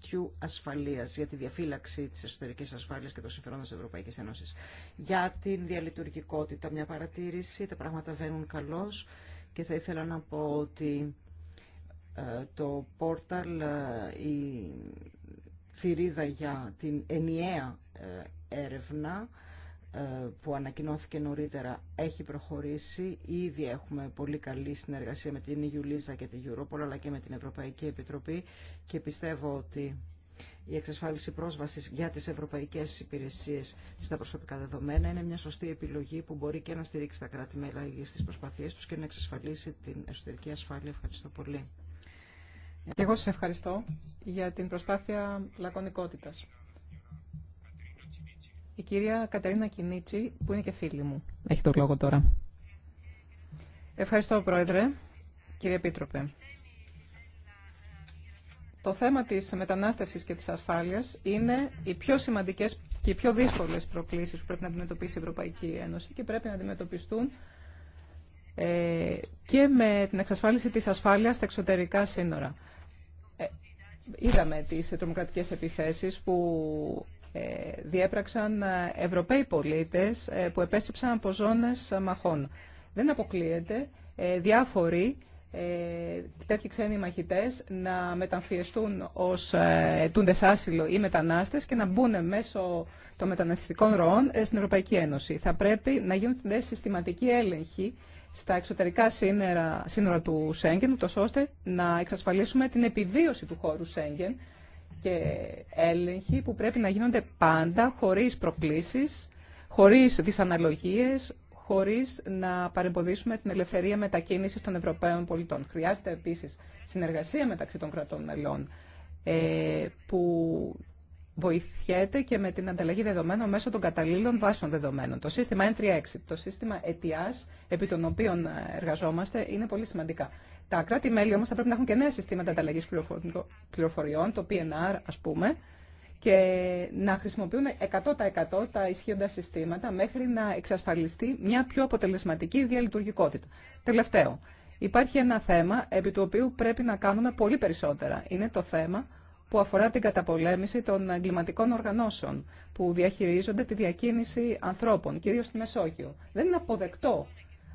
δικτύου ασφαλείας, για τη διαφύλαξη τη εσωτερική ασφάλεια και των συμφερόντων τη Ευρωπαϊκή Ένωση, Για την διαλειτουργικότητα, μια παρατήρηση, τα πράγματα βαίνουν καλώ και θα ήθελα να πω ότι ε, το πόρταλ, ε, η θηρίδα για την ενιαία ε, έρευνα, ε, που ανακοινώθηκε νωρίτερα έχει προχωρήσει. Ήδη έχουμε πολύ καλή συνεργασία με την Ιουλίζα και την Europol αλλά και με την Ευρωπαϊκή Επιτροπή και πιστεύω ότι η εξασφάλιση πρόσβασης για τις ευρωπαϊκές υπηρεσίες στα προσωπικά δεδομένα είναι μια σωστή επιλογή που μπορεί και να στηρίξει τα κράτη-μέλη στις προσπαθίες τους και να εξασφαλίσει την εσωτερική ασφάλεια. Ευχαριστώ πολύ. Και εγώ σας ευχαριστώ για την προσπάθεια λακωνικότητας. Η κυρία Κατερίνα Κινίτσι, που είναι και φίλη μου, έχει το λόγο τώρα. Ευχαριστώ, Πρόεδρε. Κύριε Επίτροπε, το θέμα της μετανάστευσης και της ασφάλειας είναι οι πιο σημαντικές και οι πιο δύσκολες προκλήσεις που πρέπει να αντιμετωπίσει η Ευρωπαϊκή Ένωση και πρέπει να αντιμετωπιστούν ε, και με την εξασφάλιση της ασφάλειας στα εξωτερικά σύνορα. Ε, είδαμε τις τρομοκρατικές επιθέσεις που ε, διέπραξαν ε, Ευρωπαίοι πολίτες ε, που επέστρεψαν από ζώνες μαχών. Δεν αποκλείεται διάφοροι τέτοιοι ξένοι μαχητές να μεταμφιεστούν ως τούντες άσυλο ή μετανάστες και να μπουν μέσω των μεταναστευτικών ροών στην Ευρωπαϊκή Ένωση. Θα πρέπει να γίνονται συστηματικοί έλεγχοι στα εξωτερικά σύνορα, σύνορα του Σέγγεν, ώστε να εξασφαλίσουμε την επιβίωση του χώρου Σέγγεν και έλεγχοι που πρέπει να γίνονται πάντα χωρίς προκλήσεις, χωρίς δυσαναλογίες, χωρίς να παρεμποδίσουμε την ελευθερία μετακίνησης των Ευρωπαίων πολιτών. Χρειάζεται επίσης συνεργασία μεταξύ των κρατών μελών ε, που βοηθιέται και με την ανταλλαγή δεδομένων μέσω των καταλήλων βάσεων δεδομένων. Το σύστημα N36, το σύστημα αιτία, επί των οποίων ε, εργαζόμαστε, είναι πολύ σημαντικά. Τα κράτη-μέλη όμω θα πρέπει να έχουν και νέα συστήματα ανταλλαγή πληροφοριών, το PNR α πούμε, και να χρησιμοποιούν 100% τα ισχύοντα συστήματα μέχρι να εξασφαλιστεί μια πιο αποτελεσματική διαλειτουργικότητα. Τελευταίο, υπάρχει ένα θέμα επί του οποίου πρέπει να κάνουμε πολύ περισσότερα. Είναι το θέμα που αφορά την καταπολέμηση των εγκληματικών οργανώσεων που διαχειρίζονται τη διακίνηση ανθρώπων, κυρίω στη Μεσόγειο. Δεν είναι αποδεκτό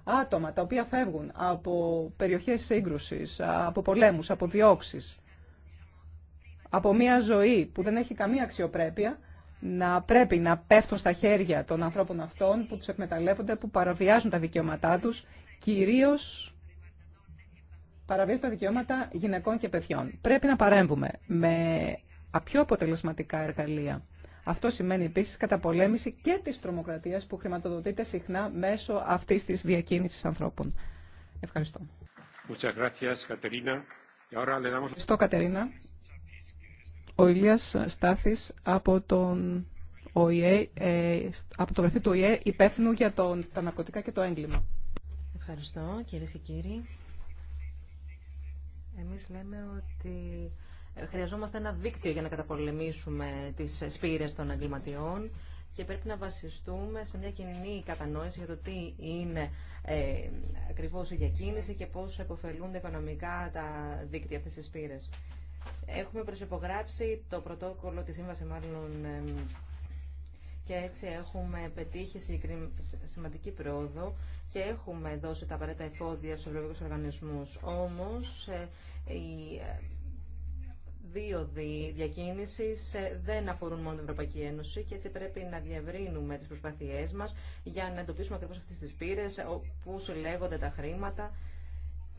άτομα τα οποία φεύγουν από περιοχές σύγκρουση, από πολέμους, από διώξει, από μια ζωή που δεν έχει καμία αξιοπρέπεια, να πρέπει να πέφτουν στα χέρια των ανθρώπων αυτών που τους εκμεταλλεύονται, που παραβιάζουν τα δικαιώματά τους, κυρίως παραβίαση τα δικαιώματα γυναικών και παιδιών. Πρέπει να παρέμβουμε με πιο αποτελεσματικά εργαλεία. Αυτό σημαίνει επίση καταπολέμηση και τη τρομοκρατίας που χρηματοδοτείται συχνά μέσω αυτή τη διακίνηση ανθρώπων. Ευχαριστώ. Ευχαριστώ, Κατερίνα. Ο Ηλίας Στάθης από τον ε, από το γραφείο του ΟΗΕ υπεύθυνο για τα ναρκωτικά και το έγκλημα. Ευχαριστώ, κύριε και κύριοι. Εμείς λέμε ότι χρειαζόμαστε ένα δίκτυο για να καταπολεμήσουμε τις σπήρες των εγκληματιών και πρέπει να βασιστούμε σε μια κοινή κατανόηση για το τι είναι ε, ακριβώς η διακίνηση και πώς επωφελούνται οικονομικά τα δίκτυα αυτές τις σπήρες. Έχουμε προσυπογράψει το πρωτόκολλο της σύμβαση μάλλον ε, και έτσι έχουμε πετύχει σημαντική πρόοδο και έχουμε δώσει τα απαραίτητα εφόδια στους ευρωπαϊκούς οργανισμούς. Όμως, ε, οι ε, δίωδοι διακίνηση ε, δεν αφορούν μόνο την Ευρωπαϊκή Ένωση και έτσι πρέπει να διευρύνουμε τις προσπάθειές μας για να εντοπίσουμε ακριβώς αυτέ τι πύρε όπου συλλέγονται τα χρήματα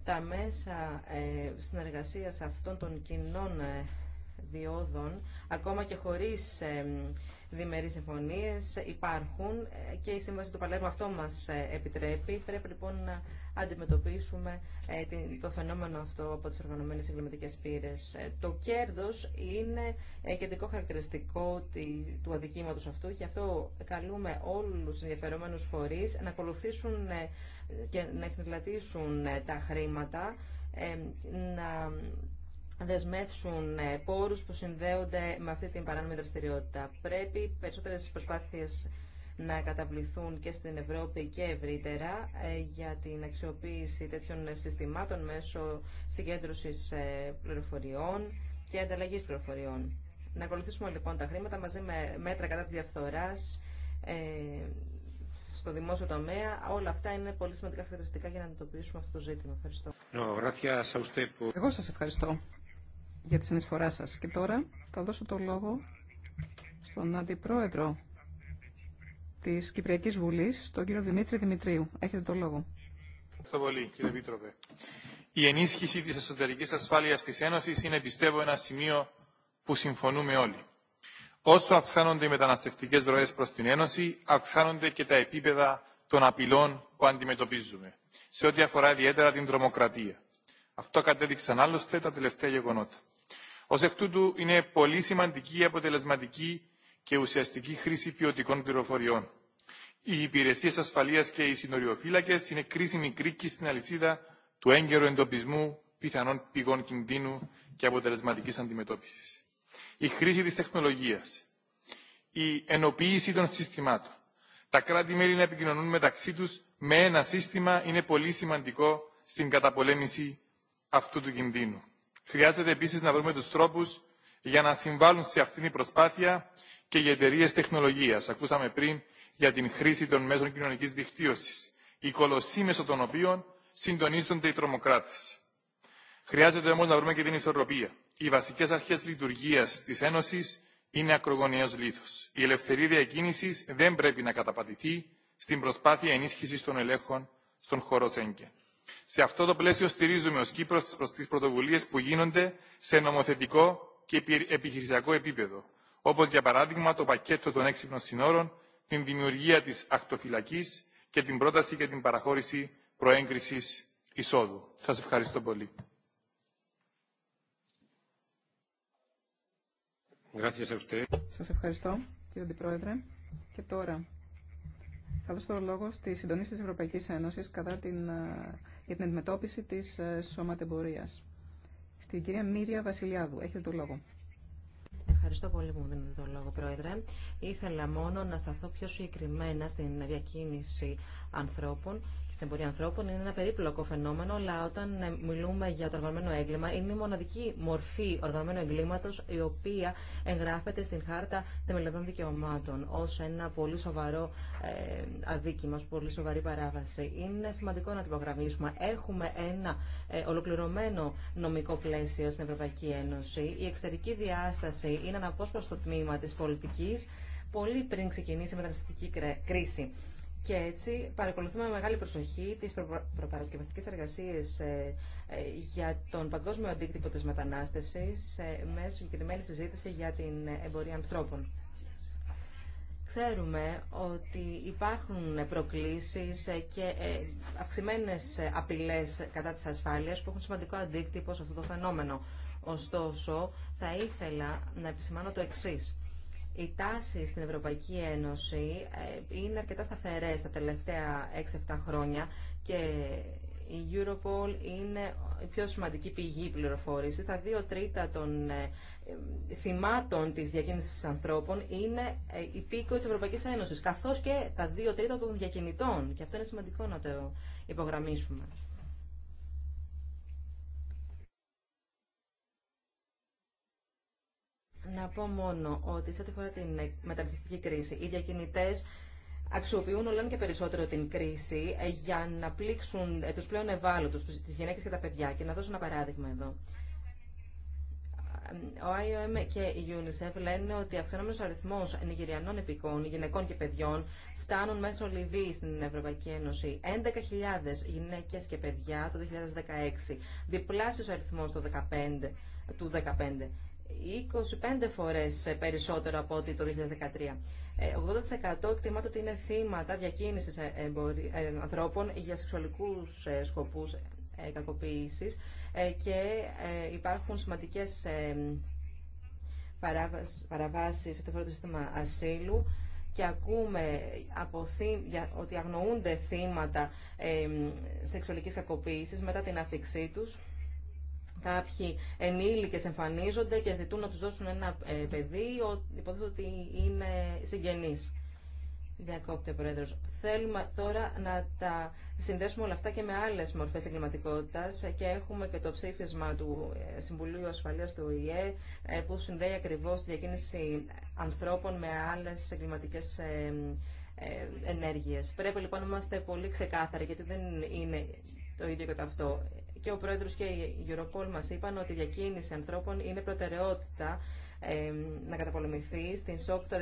τα μέσα ε, συνεργασία αυτών των κοινών διόδων, ακόμα και χωρίς διμερεί συμφωνίες υπάρχουν και η Σύμβαση του Παλέρμου αυτό μα ε, επιτρέπει. Πρέπει λοιπόν να αντιμετωπίσουμε ε, το φαινόμενο αυτό από τις οργανωμένε εγκληματικέ πύρες. Ε, το κέρδο είναι κεντρικό χαρακτηριστικό του αδικήματος αυτού και αυτό καλούμε όλους του ενδιαφερόμενους φορεί να ακολουθήσουν και να εκμεταλλευτούν τα χρήματα να δεσμεύσουν ε, πόρους που συνδέονται με αυτή την παράνομη δραστηριότητα. Πρέπει περισσότερες προσπάθειες να καταβληθούν και στην Ευρώπη και ευρύτερα ε, για την αξιοποίηση τέτοιων συστημάτων μέσω συγκέντρωσης ε, πληροφοριών και ανταλλαγής πληροφοριών. Να ακολουθήσουμε λοιπόν τα χρήματα μαζί με μέτρα κατά τη διαφθοράς στο δημόσιο τομέα. Όλα αυτά είναι πολύ σημαντικά χαρακτηριστικά για να αντιμετωπίσουμε αυτό το ζήτημα. Ευχαριστώ. Εγώ σα ευχαριστώ για τη συνεισφορά σας. Και τώρα θα δώσω το λόγο στον Αντιπρόεδρο της Κυπριακής Βουλής, τον κύριο Δημήτρη Δημητρίου. Έχετε το λόγο. Ευχαριστώ πολύ, κύριε Επίτροπε. Η ενίσχυση της εσωτερικής ασφάλειας της Ένωσης είναι, πιστεύω, ένα σημείο που συμφωνούμε όλοι. Όσο αυξάνονται οι μεταναστευτικές ροές προς την Ένωση, αυξάνονται και τα επίπεδα των απειλών που αντιμετωπίζουμε, σε ό,τι αφορά ιδιαίτερα την τρομοκρατία. Αυτό κατέδειξαν άλλωστε τα τελευταία γεγονότα. Ω εκ τούτου, είναι πολύ σημαντική η αποτελεσματική και ουσιαστική χρήση ποιοτικών πληροφοριών. Οι υπηρεσίε ασφαλείας και οι συνοριοφύλακε είναι κρίσιμη κρίκη στην αλυσίδα του έγκαιρου εντοπισμού πιθανών πηγών κινδύνου και αποτελεσματική αντιμετώπιση. Η χρήση τη τεχνολογία, η ενοποίηση των συστημάτων, τα κράτη-μέλη να επικοινωνούν μεταξύ του με ένα σύστημα είναι πολύ σημαντικό στην καταπολέμηση αυτού του κινδύνου. Χρειάζεται επίση να βρούμε του τρόπου για να συμβάλλουν σε αυτήν την προσπάθεια και οι εταιρείε τεχνολογία. Ακούσαμε πριν για την χρήση των μέσων κοινωνική δικτύωση, οι κολοσσοί των οποίων συντονίζονται οι τρομοκράτε. Χρειάζεται όμω να βρούμε και την ισορροπία. Οι βασικέ αρχέ λειτουργία τη Ένωση είναι ακρογωνιαίο λήθο. Η ελευθερία διακίνηση δεν πρέπει να καταπατηθεί στην προσπάθεια ενίσχυση των ελέγχων στον χώρο Σέγγεν. Σε αυτό το πλαίσιο στηρίζουμε ως Κύπρος τις πρωτοβουλίες που γίνονται σε νομοθετικό και επιχειρησιακό επίπεδο, όπως για παράδειγμα το πακέτο των έξυπνων συνόρων, την δημιουργία της ακτοφυλακής και την πρόταση για την παραχώρηση προέγκρισης εισόδου. Σας ευχαριστώ πολύ. Σας ευχαριστώ, κύριε Αντιπρόεδρε. Και τώρα θα δώσω το λόγο στη της Ευρωπαϊκής Ένωσης κατά την ε, για την αντιμετώπιση της ε, σωματεμπορία. Στην κυρία Μύρια Βασιλιάδου. Έχετε το λόγο. Ευχαριστώ πολύ που μου δίνετε το λόγο, Πρόεδρε. Ήθελα μόνο να σταθώ πιο συγκεκριμένα στην διακίνηση ανθρώπων στην εμπορία ανθρώπων είναι ένα περίπλοκο φαινόμενο, αλλά όταν ε, μιλούμε για το οργανωμένο έγκλημα, είναι η μοναδική μορφή οργανωμένου εγκλήματο η οποία εγγράφεται στην Χάρτα Θεμελιωδών Δικαιωμάτων ω ένα πολύ σοβαρό ε, αδίκημα, ως πολύ σοβαρή παράβαση. Είναι σημαντικό να το υπογραμμίσουμε. Έχουμε ένα ε, ολοκληρωμένο νομικό πλαίσιο στην Ευρωπαϊκή Ένωση. Η εξωτερική διάσταση είναι στο τμήμα τη πολιτική πολύ πριν ξεκινήσει η μεταναστευτική κρίση. Και έτσι παρακολουθούμε με μεγάλη προσοχή τις προ... προπαρασκευαστικές εργασίες ε, ε, για τον παγκόσμιο αντίκτυπο της μετανάστευση μέσω ε, με συγκεκριμένη συζήτηση για την εμπορία ανθρώπων. Ξέρουμε ότι υπάρχουν προκλήσεις και αυξημένες απειλές κατά της ασφάλειας που έχουν σημαντικό αντίκτυπο σε αυτό το φαινόμενο. Ωστόσο, θα ήθελα να επισημάνω το εξής. Οι τάσει στην Ευρωπαϊκή Ένωση ε, είναι αρκετά σταθερέ τα τελευταία 6-7 χρόνια και η Europol είναι η πιο σημαντική πηγή πληροφόρηση. Τα δύο τρίτα των ε, ε, θυμάτων της διακίνηση ανθρώπων είναι η τη της Ευρωπαϊκής Ένωσης, καθώς και τα δύο τρίτα των διακινητών. Και αυτό είναι σημαντικό να το υπογραμμίσουμε. Να πω μόνο ότι σε ό,τι φορά την μεταρρυθμιστική κρίση, οι διακινητές αξιοποιούν όλο και περισσότερο την κρίση ε, για να πλήξουν ε, του πλέον ευάλωτους, τις γυναίκε και τα παιδιά. Και να δώσω ένα παράδειγμα εδώ. Ε, ο IOM και η UNICEF λένε ότι αυξανόμενο αριθμό νιγηριανών επικών, γυναικών και παιδιών φτάνουν μέσω Λιβύη στην Ευρωπαϊκή Ένωση. 11.000 γυναίκε και παιδιά το 2016, διπλάσιος αριθμό το του 2015. 25 φορές περισσότερο από ότι το 2013. 80% ε, εκτιμάται ότι είναι θύματα διακίνησης ε, ε, ανθρώπων για σεξουαλικούς σκοπούς κακοποίησης και υπάρχουν σημαντικές παραβάσεις στο το σύστημα ασύλου και ακούμε από ότι αγνοούνται θύματα σεξουαλικής κακοποίησης μετά την αφήξή τους Κάποιοι ενήλικες εμφανίζονται και ζητούν να τους δώσουν ένα ε, παιδί, υποθέτω ότι είναι συγγενείς. Διακόπτε ο Πρόεδρο. Θέλουμε τώρα να τα συνδέσουμε όλα αυτά και με άλλε μορφέ εγκληματικότητα και έχουμε και το ψήφισμα του ε, Συμβουλίου Ασφαλείας του ΟΗΕ ε, που συνδέει ακριβώ τη διακίνηση ανθρώπων με άλλε εγκληματικέ ενέργειε. Πρέπει λοιπόν να είμαστε πολύ ξεκάθαροι γιατί δεν είναι το ίδιο και το αυτό. Και ο Πρόεδρος και η Europol μας είπαν ότι η διακίνηση ανθρώπων είναι προτεραιότητα να καταπολεμηθεί στην ΣΟΚ το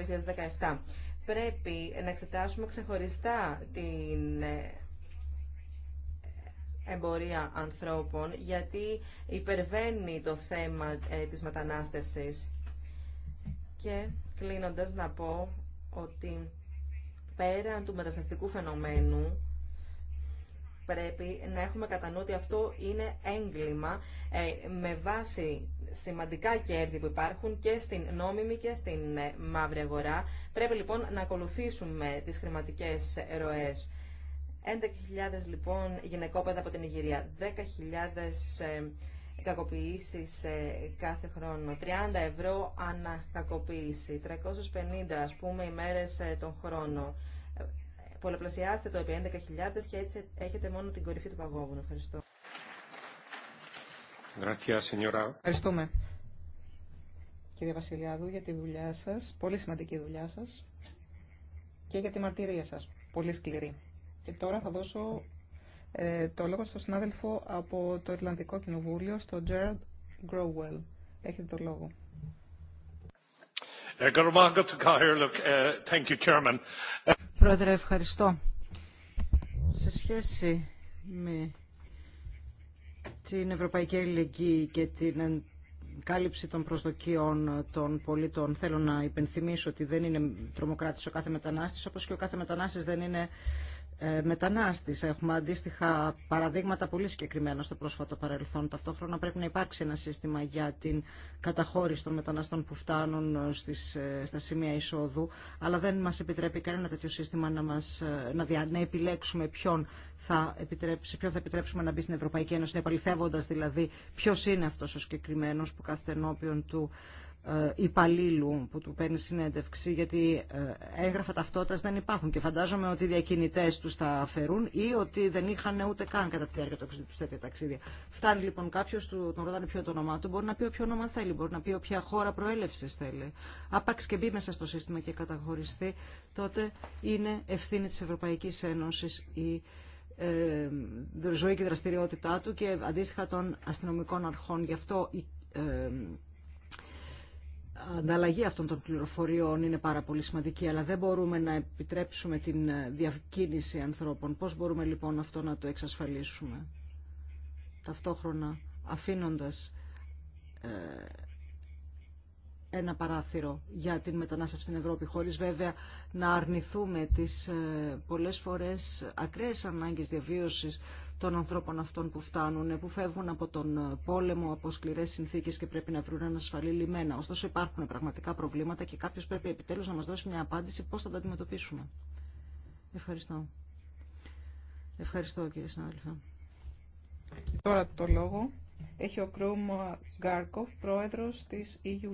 2017. Πρέπει να εξετάσουμε ξεχωριστά την ε, εμπορία ανθρώπων γιατί υπερβαίνει το θέμα ε, της μετανάστευσης. Και κλείνοντας να πω ότι πέραν του μεταναστευτικού φαινομένου πρέπει να έχουμε κατά νου ότι αυτό είναι έγκλημα ε, με βάση σημαντικά κέρδη που υπάρχουν και στην νόμιμη και στην ε, μαύρη αγορά. Πρέπει λοιπόν να ακολουθήσουμε τις χρηματικές ροές. 11.000 λοιπόν γυναικόπαιδα από την Ιγυρία, 10.000 ε, κακοποιήσεις κάθε χρόνο, 30 ευρώ ανακακοποίηση, 350 ας πούμε ημέρες τον χρόνο πολλαπλασιάστε το επί 11.000 και έτσι έχετε μόνο την κορυφή του παγόβουνου. Ευχαριστώ. Ευχαριστούμε. Κύριε Βασιλιάδου, για τη δουλειά σας, πολύ σημαντική δουλειά σας και για τη μαρτυρία σας, πολύ σκληρή. Και τώρα θα δώσω ε, το λόγο στον συνάδελφο από το Ιρλανδικό Κοινοβούλιο, στον Gerard Growell. Έχετε το λόγο. Ε, Πρόεδρε, ευχαριστώ. Σε σχέση με την Ευρωπαϊκή Ελληνική και την κάλυψη των προσδοκίων των πολίτων. Θέλω να υπενθυμίσω ότι δεν είναι τρομοκράτης ο κάθε μετανάστης, όπως και ο κάθε μετανάστης δεν είναι ε, μετανάστης. Έχουμε αντίστοιχα παραδείγματα πολύ συγκεκριμένα στο πρόσφατο παρελθόν. Ταυτόχρονα πρέπει να υπάρξει ένα σύστημα για την καταχώρηση των μεταναστών που φτάνουν ε, στις, ε, στα σημεία εισόδου, αλλά δεν μας επιτρέπει κανένα τέτοιο σύστημα να, μας, να, επιλέξουμε ποιον θα, επιτρέψει, θα επιτρέψουμε να μπει στην Ευρωπαϊκή Ένωση, επαληθεύοντας δηλαδή ποιο είναι αυτός ο συγκεκριμένο που κάθε ενώπιον του ε, υπαλλήλου που του παίρνει συνέντευξη γιατί ε, έγγραφα ταυτότητα δεν υπάρχουν και φαντάζομαι ότι οι διακινητές τους τα αφαιρούν ή ότι δεν είχαν ούτε καν κατά τη διάρκεια του τέτοια ταξίδια. Φτάνει λοιπόν κάποιο, τον ρωτάνε ποιο το όνομά του, μπορεί να πει όποιο όνομα θέλει, μπορεί να πει όποια χώρα προέλευση θέλει. Άπαξ και μπει μέσα στο σύστημα και καταχωριστεί, τότε είναι ευθύνη τη Ευρωπαϊκή Ένωση, η ε, ζωή και δραστηριότητά του και αντίστοιχα των αστυνομικών αρχών. Γι' αυτό η ανταλλαγή αυτών των πληροφοριών είναι πάρα πολύ σημαντική, αλλά δεν μπορούμε να επιτρέψουμε την διακίνηση ανθρώπων. Πώς μπορούμε λοιπόν αυτό να το εξασφαλίσουμε. Ταυτόχρονα αφήνοντας ε, ένα παράθυρο για την μετανάστευση στην Ευρώπη, χωρίς βέβαια να αρνηθούμε τις ε, πολλές φορές ακραίες ανάγκες διαβίωσης των ανθρώπων αυτών που φτάνουν, που φεύγουν από τον ε, πόλεμο, από σκληρέ συνθήκε και πρέπει να βρουν ένα ασφαλή λιμένα. Ωστόσο υπάρχουν πραγματικά προβλήματα και κάποιο πρέπει επιτέλου να μα δώσει μια απάντηση πώ θα τα αντιμετωπίσουμε. Ευχαριστώ. Ευχαριστώ κύριε συνάδελφε. Τώρα το λόγο έχει ο Κρούμ Γκάρκοφ, πρόεδρος της EU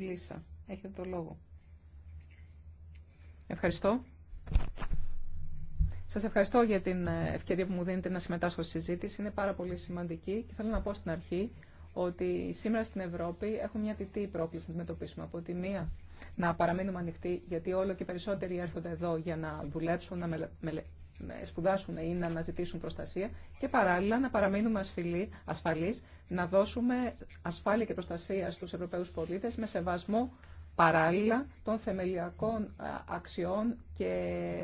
Έχετε το λόγο. Ευχαριστώ. Σας ευχαριστώ για την ε, ευκαιρία που μου δίνετε να συμμετάσχω στη συζήτηση. Είναι πάρα πολύ σημαντική και θέλω να πω στην αρχή ότι σήμερα στην Ευρώπη έχουμε μια διτή πρόκληση να αντιμετωπίσουμε. Από τη μία να παραμείνουμε ανοιχτοί, γιατί όλο και περισσότεροι έρχονται εδώ για να δουλέψουν, να μελε... σπουδάσουν ή να αναζητήσουν προστασία και παράλληλα να παραμείνουμε ασφαλεί, ασφαλείς, να δώσουμε ασφάλεια και προστασία στους Ευρωπαίους πολίτες με σεβασμό παράλληλα των θεμελιακών ε, αξιών και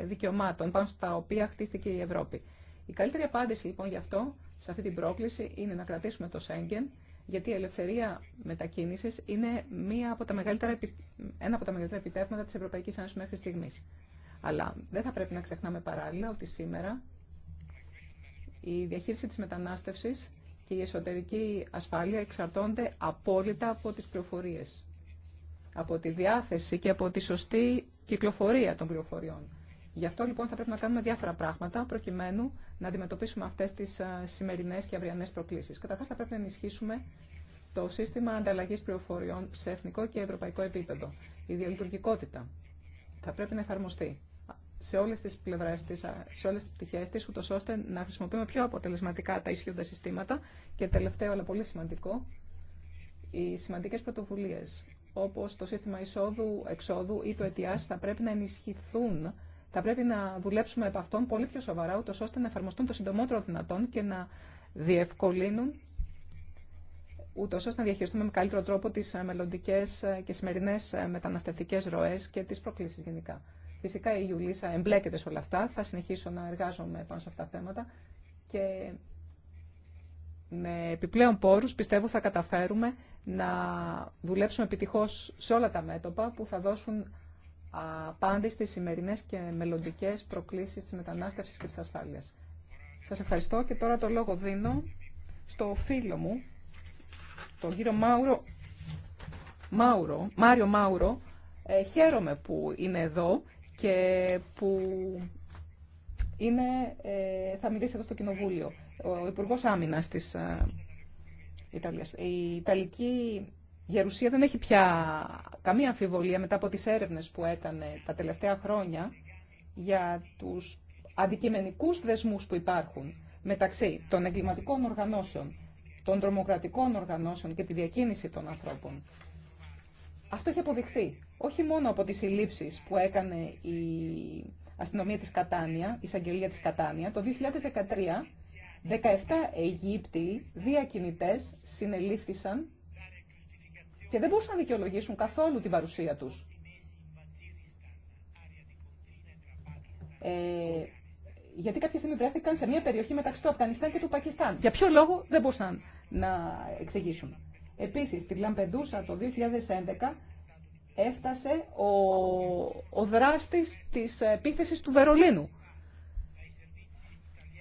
δικαιωμάτων πάνω στα οποία χτίστηκε η Ευρώπη. Η καλύτερη απάντηση λοιπόν γι' αυτό, σε αυτή την πρόκληση, είναι να κρατήσουμε το Σέγγεν, γιατί η ελευθερία μετακίνηση είναι μία από τα μεγαλύτερα, ένα από τα μεγαλύτερα επιτεύγματα τη Ευρωπαϊκή Ένωση μέχρι στιγμή. Αλλά δεν θα πρέπει να ξεχνάμε παράλληλα ότι σήμερα η διαχείριση τη μετανάστευση και η εσωτερική ασφάλεια εξαρτώνται απόλυτα από τι πληροφορίε από τη διάθεση και από τη σωστή κυκλοφορία των πληροφοριών. Γι' αυτό λοιπόν θα πρέπει να κάνουμε διάφορα πράγματα προκειμένου να αντιμετωπίσουμε αυτέ τι σημερινέ και αυριανέ προκλήσει. Καταρχά, θα πρέπει να ενισχύσουμε το σύστημα ανταλλαγή πληροφοριών σε εθνικό και ευρωπαϊκό επίπεδο. Η διαλειτουργικότητα θα πρέπει να εφαρμοστεί σε όλε τι πλευρέ τη, σε όλε τι πτυχέ τη, ούτω ώστε να χρησιμοποιούμε πιο αποτελεσματικά τα ισχύοντα συστήματα. Και τελευταίο, αλλά πολύ σημαντικό, οι σημαντικέ πρωτοβουλίε όπως το σύστημα εισόδου-εξόδου ή το αιτία θα πρέπει να ενισχυθούν. Θα πρέπει να δουλέψουμε επ' αυτών πολύ πιο σοβαρά, ούτως ώστε να εφαρμοστούν το συντομότερο δυνατόν και να διευκολύνουν ούτως ώστε να διαχειριστούμε με καλύτερο τρόπο τις ε, μελλοντικέ ε, και σημερινέ ε, μεταναστευτικέ ροές και τις προκλήσεις γενικά. Φυσικά η Ιουλίσα εμπλέκεται σε όλα αυτά. Θα συνεχίσω να εργάζομαι πάνω σε αυτά τα θέματα και με επιπλέον πόρους πιστεύω θα καταφέρουμε να δουλέψουμε επιτυχώς σε όλα τα μέτωπα που θα δώσουν απάντηση στις σημερινές και μελλοντικές προκλήσεις της μετανάστευσης και της ασφάλειας. Σας ευχαριστώ και τώρα το λόγο δίνω στο φίλο μου, τον κύριο Μάουρο, Μάουρο, Μάριο Μάουρο. Ε, χαίρομαι που είναι εδώ και που είναι, ε, θα μιλήσει εδώ στο Κοινοβούλιο ο Υπουργό Άμυνα τη ε, Ιταλία. Η Ιταλική Γερουσία δεν έχει πια καμία αμφιβολία μετά από τις έρευνες που έκανε τα τελευταία χρόνια για τους αντικειμενικούς δεσμούς που υπάρχουν μεταξύ των εγκληματικών οργανώσεων, των τρομοκρατικών οργανώσεων και τη διακίνηση των ανθρώπων. Αυτό έχει αποδειχθεί όχι μόνο από τις συλλήψεις που έκανε η αστυνομία της Κατάνια, η εισαγγελία της Κατάνια, το 2013 17 Αιγύπτιοι διακινητές συνελήφθησαν και δεν μπορούσαν να δικαιολογήσουν καθόλου την παρουσία τους. Ε, γιατί κάποια στιγμή βρέθηκαν σε μια περιοχή μεταξύ του Αφγανιστάν και του Πακιστάν. Για ποιο λόγο δεν μπορούσαν να εξηγήσουν. Επίσης, στη Λαμπεντούσα το 2011 έφτασε ο, ο δράστης της επίθεσης του Βερολίνου.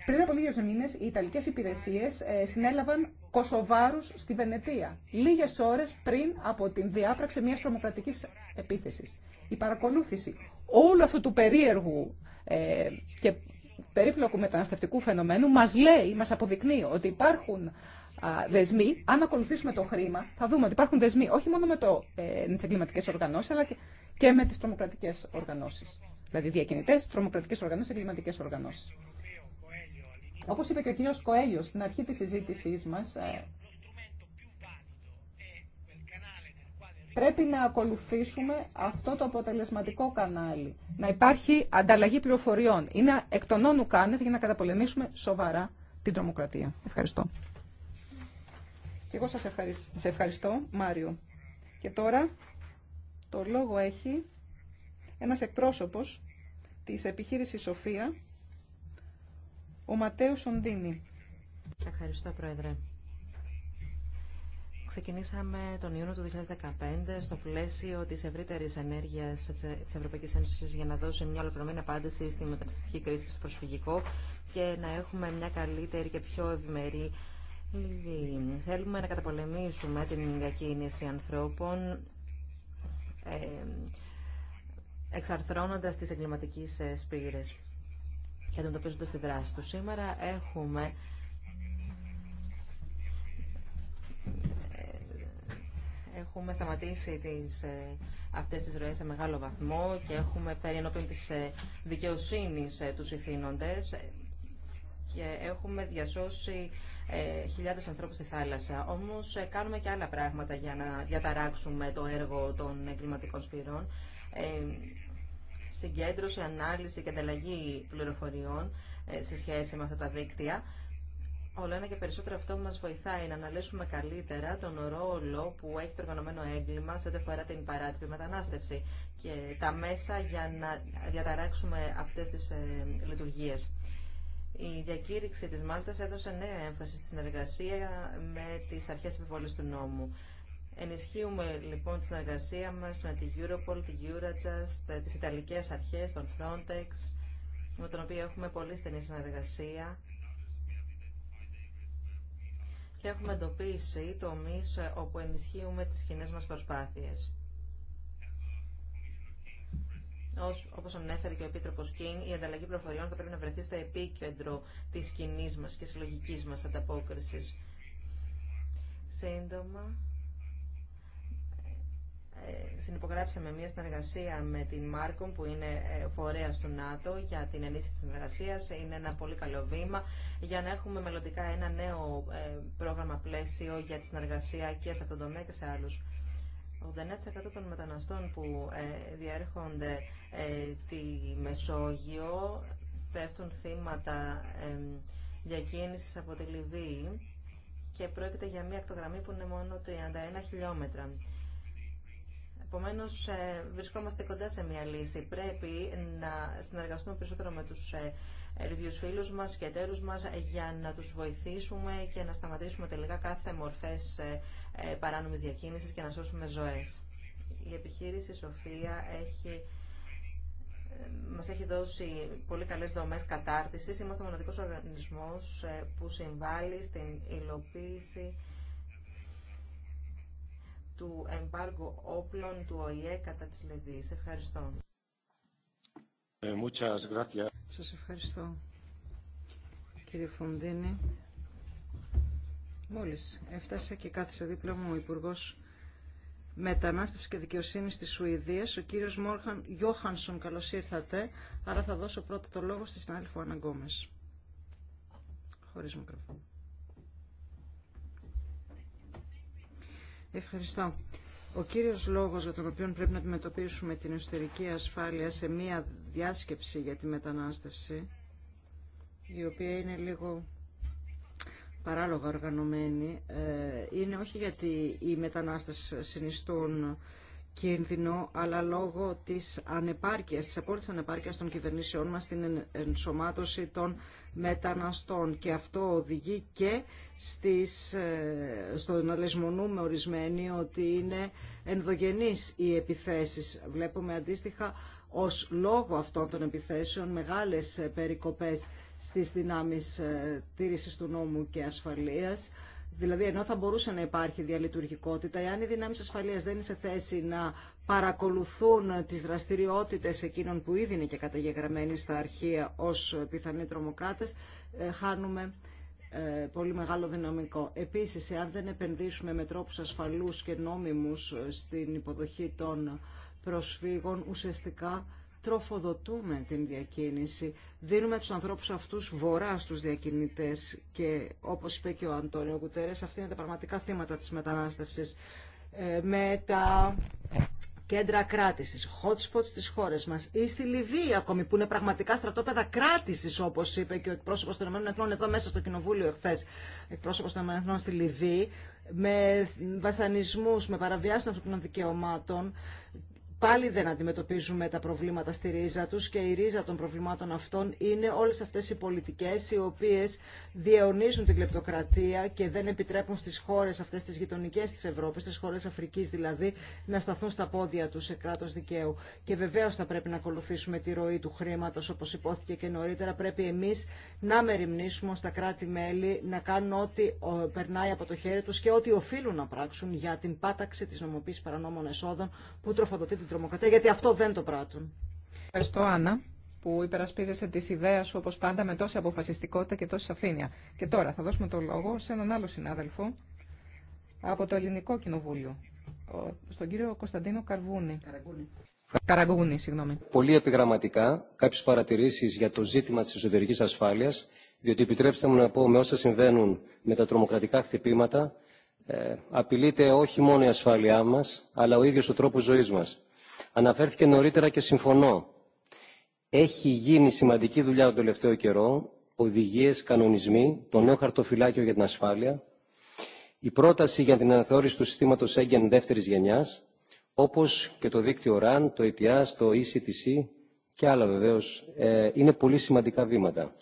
Πριν από λίγε μήνε, οι Ιταλικές υπηρεσίες ε, συνέλαβαν Κωσοβάρου στη Βενετία, λίγε ώρε πριν από την διάπραξη μια τρομοκρατική επίθεση. Η παρακολούθηση όλου αυτού του περίεργου ε, και περίπλοκου μεταναστευτικού φαινομένου μα λέει, μα αποδεικνύει ότι υπάρχουν δεσμοί, αν ακολουθήσουμε το χρήμα, θα δούμε ότι υπάρχουν δεσμοί όχι μόνο με τι ε, τις εγκληματικές οργανώσεις, αλλά και, με τι τρομοκρατικέ οργανώσει, Δηλαδή διακινητέ, τρομοκρατικέ οργανώσει, εγκληματικέ οργανώσει. Όπως είπε και ο κύριος Κοέλιος στην αρχή της συζήτησής μας, ε, πρέπει να ακολουθήσουμε αυτό το αποτελεσματικό κανάλι. Να υπάρχει ανταλλαγή πληροφοριών. Είναι εκ των όνου κάνευ για να καταπολεμήσουμε σοβαρά την τρομοκρατία. Ευχαριστώ. Και εγώ σας ευχαριστώ, ευχαριστώ, Μάριο. Και τώρα το λόγο έχει ένας εκπρόσωπος της επιχείρησης Σοφία, ο Ματέο Σοντίνη. Ευχαριστώ, Πρόεδρε. Ξεκινήσαμε τον Ιούνιο του 2015 στο πλαίσιο τη ευρύτερη ενέργεια τη Ευρωπαϊκή Ένωση για να δώσει μια ολοκληρωμένη απάντηση στη μεταναστευτική κρίση και στο προσφυγικό και να έχουμε μια καλύτερη και πιο ευημερή Λιβύη. Θέλουμε να καταπολεμήσουμε την διακίνηση ανθρώπων ε, εξαρθρώνοντας τις εγκληματικές ε, σπήρες και αντιμετωπίζονται στη δράση του. Σήμερα έχουμε ε, έχουμε σταματήσει τις, ε, αυτές τις ροές σε μεγάλο βαθμό και έχουμε φέρει ενώπιον της ε, δικαιοσύνης τους ηθήνοντες και έχουμε διασώσει ε, χιλιάδες ανθρώπους στη θάλασσα. Όμως κάνουμε και άλλα πράγματα για να διαταράξουμε το έργο των εγκληματικών σπυρών συγκέντρωση, ανάλυση και ανταλλαγή πληροφοριών ε, σε σχέση με αυτά τα δίκτυα. Όλο ένα και περισσότερο αυτό μας βοηθάει να αναλύσουμε καλύτερα τον ρόλο που έχει το οργανωμένο έγκλημα σε ό,τι αφορά την παράτυπη μετανάστευση και τα μέσα για να διαταράξουμε αυτές τις ε, λειτουργίες. Η διακήρυξη της Μάλτας έδωσε νέα έμφαση στη συνεργασία με τις αρχές επιβολής του νόμου. Ενισχύουμε λοιπόν τη συνεργασία μας με τη Europol, τη Eurojust, τις Ιταλικές Αρχές, τον Frontex, με τον οποίο έχουμε πολύ στενή συνεργασία και έχουμε εντοπίσει τομείς όπου ενισχύουμε τις κοινέ μας προσπάθειες. Όπω ανέφερε και ο Επίτροπο Κίνγκ, η ανταλλαγή πληροφοριών θα πρέπει να βρεθεί στο επίκεντρο τη κοινή μα και συλλογική μα ανταπόκριση. Σύντομα, ε, συνυπογράψαμε μια συνεργασία με την Μάρκομ που είναι ε, φορέας του ΝΑΤΟ για την ενίσχυση της συνεργασίας. Είναι ένα πολύ καλό βήμα για να έχουμε μελλοντικά ένα νέο ε, πρόγραμμα πλαίσιο για τη συνεργασία και σε αυτόν τον τομέα και σε άλλους. 89% των μεταναστών που διέρχονται τη Μεσόγειο πέφτουν θύματα διακίνησης από τη Λιβύη και πρόκειται για μια ακτογραμμή που είναι μόνο 31 χιλιόμετρα. Επομένως, ε, βρισκόμαστε κοντά σε μια λύση. Πρέπει να συνεργαστούμε περισσότερο με τους reviews ε, φίλου μα και εταίρου μα για να του βοηθήσουμε και να σταματήσουμε τελικά κάθε μορφές ε, παράνομη διακίνηση και να σώσουμε ζωέ. Η επιχείρηση Σοφία έχει μας έχει δώσει πολύ καλές δομές κατάρτισης. Είμαστε ο μοναδικός οργανισμός που συμβάλλει στην υλοποίηση του εμπάργου όπλων του ΟΗΕ κατά της Λιβύης. Ευχαριστώ. Ε, muchas Σας ευχαριστώ, κύριε Φοντίνη. Μόλις έφτασε και κάθισε δίπλα μου ο Υπουργός Μετανάστευση και Δικαιοσύνη τη Σουηδία, ο κύριο Μόρχαν Γιώχανσον. Καλώ ήρθατε. Άρα θα δώσω πρώτα το λόγο στη συνάδελφο Αναγκόμε. Χωρί μικρόφωνο. Ευχαριστώ. Ο κύριος λόγος για τον οποίο πρέπει να αντιμετωπίσουμε την εσωτερική ασφάλεια σε μία διάσκεψη για τη μετανάστευση, η οποία είναι λίγο παράλογα οργανωμένη, ε, είναι όχι γιατί οι μετανάστες συνιστούν κίνδυνο, αλλά λόγω της ανεπάρκειας, της απόλυτης ανεπάρκειας των κυβερνήσεών μας στην ενσωμάτωση των μεταναστών. Και αυτό οδηγεί και στις, ε, στο να λεσμονούμε ορισμένοι ότι είναι ενδογενείς οι επιθέσεις. Βλέπουμε αντίστοιχα ως λόγο αυτών των επιθέσεων μεγάλες ε, περικοπές στις δυνάμεις ε, τήρησης του νόμου και ασφαλείας Δηλαδή, ενώ θα μπορούσε να υπάρχει διαλειτουργικότητα, εάν οι δυνάμει ασφαλεία δεν είναι σε θέση να παρακολουθούν τι δραστηριότητε εκείνων που ήδη είναι και καταγεγραμμένοι στα αρχεία ω πιθανοί τρομοκράτε, ε, χάνουμε ε, πολύ μεγάλο δυναμικό. Επίση, εάν δεν επενδύσουμε με τρόπου ασφαλού και νόμιμους ε, στην υποδοχή των προσφύγων, ουσιαστικά τροφοδοτούμε την διακίνηση, δίνουμε τους ανθρώπους αυτούς βορρά στους διακινητές και όπως είπε και ο Αντώνιο Κουτέρες, αυτή είναι τα πραγματικά θύματα της μετανάστευσης ε, με τα κέντρα κράτησης, hot spots στις χώρες μας ή στη Λιβύη ακόμη που είναι πραγματικά στρατόπεδα κράτησης όπως είπε και ο εκπρόσωπος των ΗΠΑ εδώ μέσα στο κοινοβούλιο εχθές, εκπρόσωπος των ΗΠΑ στη Λιβύη με βασανισμούς, με παραβιάσεις των ανθρωπινών δικαιωμάτων πάλι δεν αντιμετωπίζουμε τα προβλήματα στη ρίζα τους και η ρίζα των προβλημάτων αυτών είναι όλες αυτές οι πολιτικές οι οποίες διαιωνίζουν την κλεπτοκρατία και δεν επιτρέπουν στις χώρες αυτές τις γειτονικές της Ευρώπης, στις χώρες Αφρικής δηλαδή, να σταθούν στα πόδια τους σε κράτο δικαίου. Και βεβαίως θα πρέπει να ακολουθήσουμε τη ροή του χρήματο, όπως υπόθηκε και νωρίτερα. Πρέπει εμείς να μεριμνήσουμε στα κράτη-μέλη να κάνουν ό,τι περνάει από το χέρι τους και ό,τι οφείλουν να πράξουν για την πάταξη τη νομοποίησης παρανόμων εσόδων που τροφοδοτεί τρομοκρατία, γιατί αυτό δεν το πράττουν. Ευχαριστώ, Άννα, που υπερασπίζεσαι τη ιδέα σου, όπω πάντα, με τόση αποφασιστικότητα και τόση σαφήνεια. Και τώρα θα δώσουμε το λόγο σε έναν άλλο συνάδελφο από το Ελληνικό Κοινοβούλιο, στον κύριο Κωνσταντίνο Καρβούνη. Καραγκούνη. Καραγκούνη, συγγνώμη. Πολύ επιγραμματικά κάποιε παρατηρήσει για το ζήτημα τη εσωτερική ασφάλεια, διότι επιτρέψτε μου να πω με όσα συμβαίνουν με τα τρομοκρατικά χτυπήματα, ε, απειλείται όχι μόνο η ασφάλειά μας, αλλά ο ίδιος ο τρόπος ζωής μας. Αναφέρθηκε νωρίτερα και συμφωνώ. Έχει γίνει σημαντική δουλειά τον τελευταίο καιρό, οδηγίες, κανονισμοί, το νέο χαρτοφυλάκιο για την ασφάλεια, η πρόταση για την αναθεώρηση του συστήματος έγκεν δεύτερης γενιάς, όπως και το δίκτυο RAN, το ETIAS, το ECTC και άλλα βεβαίως, ε, είναι πολύ σημαντικά βήματα.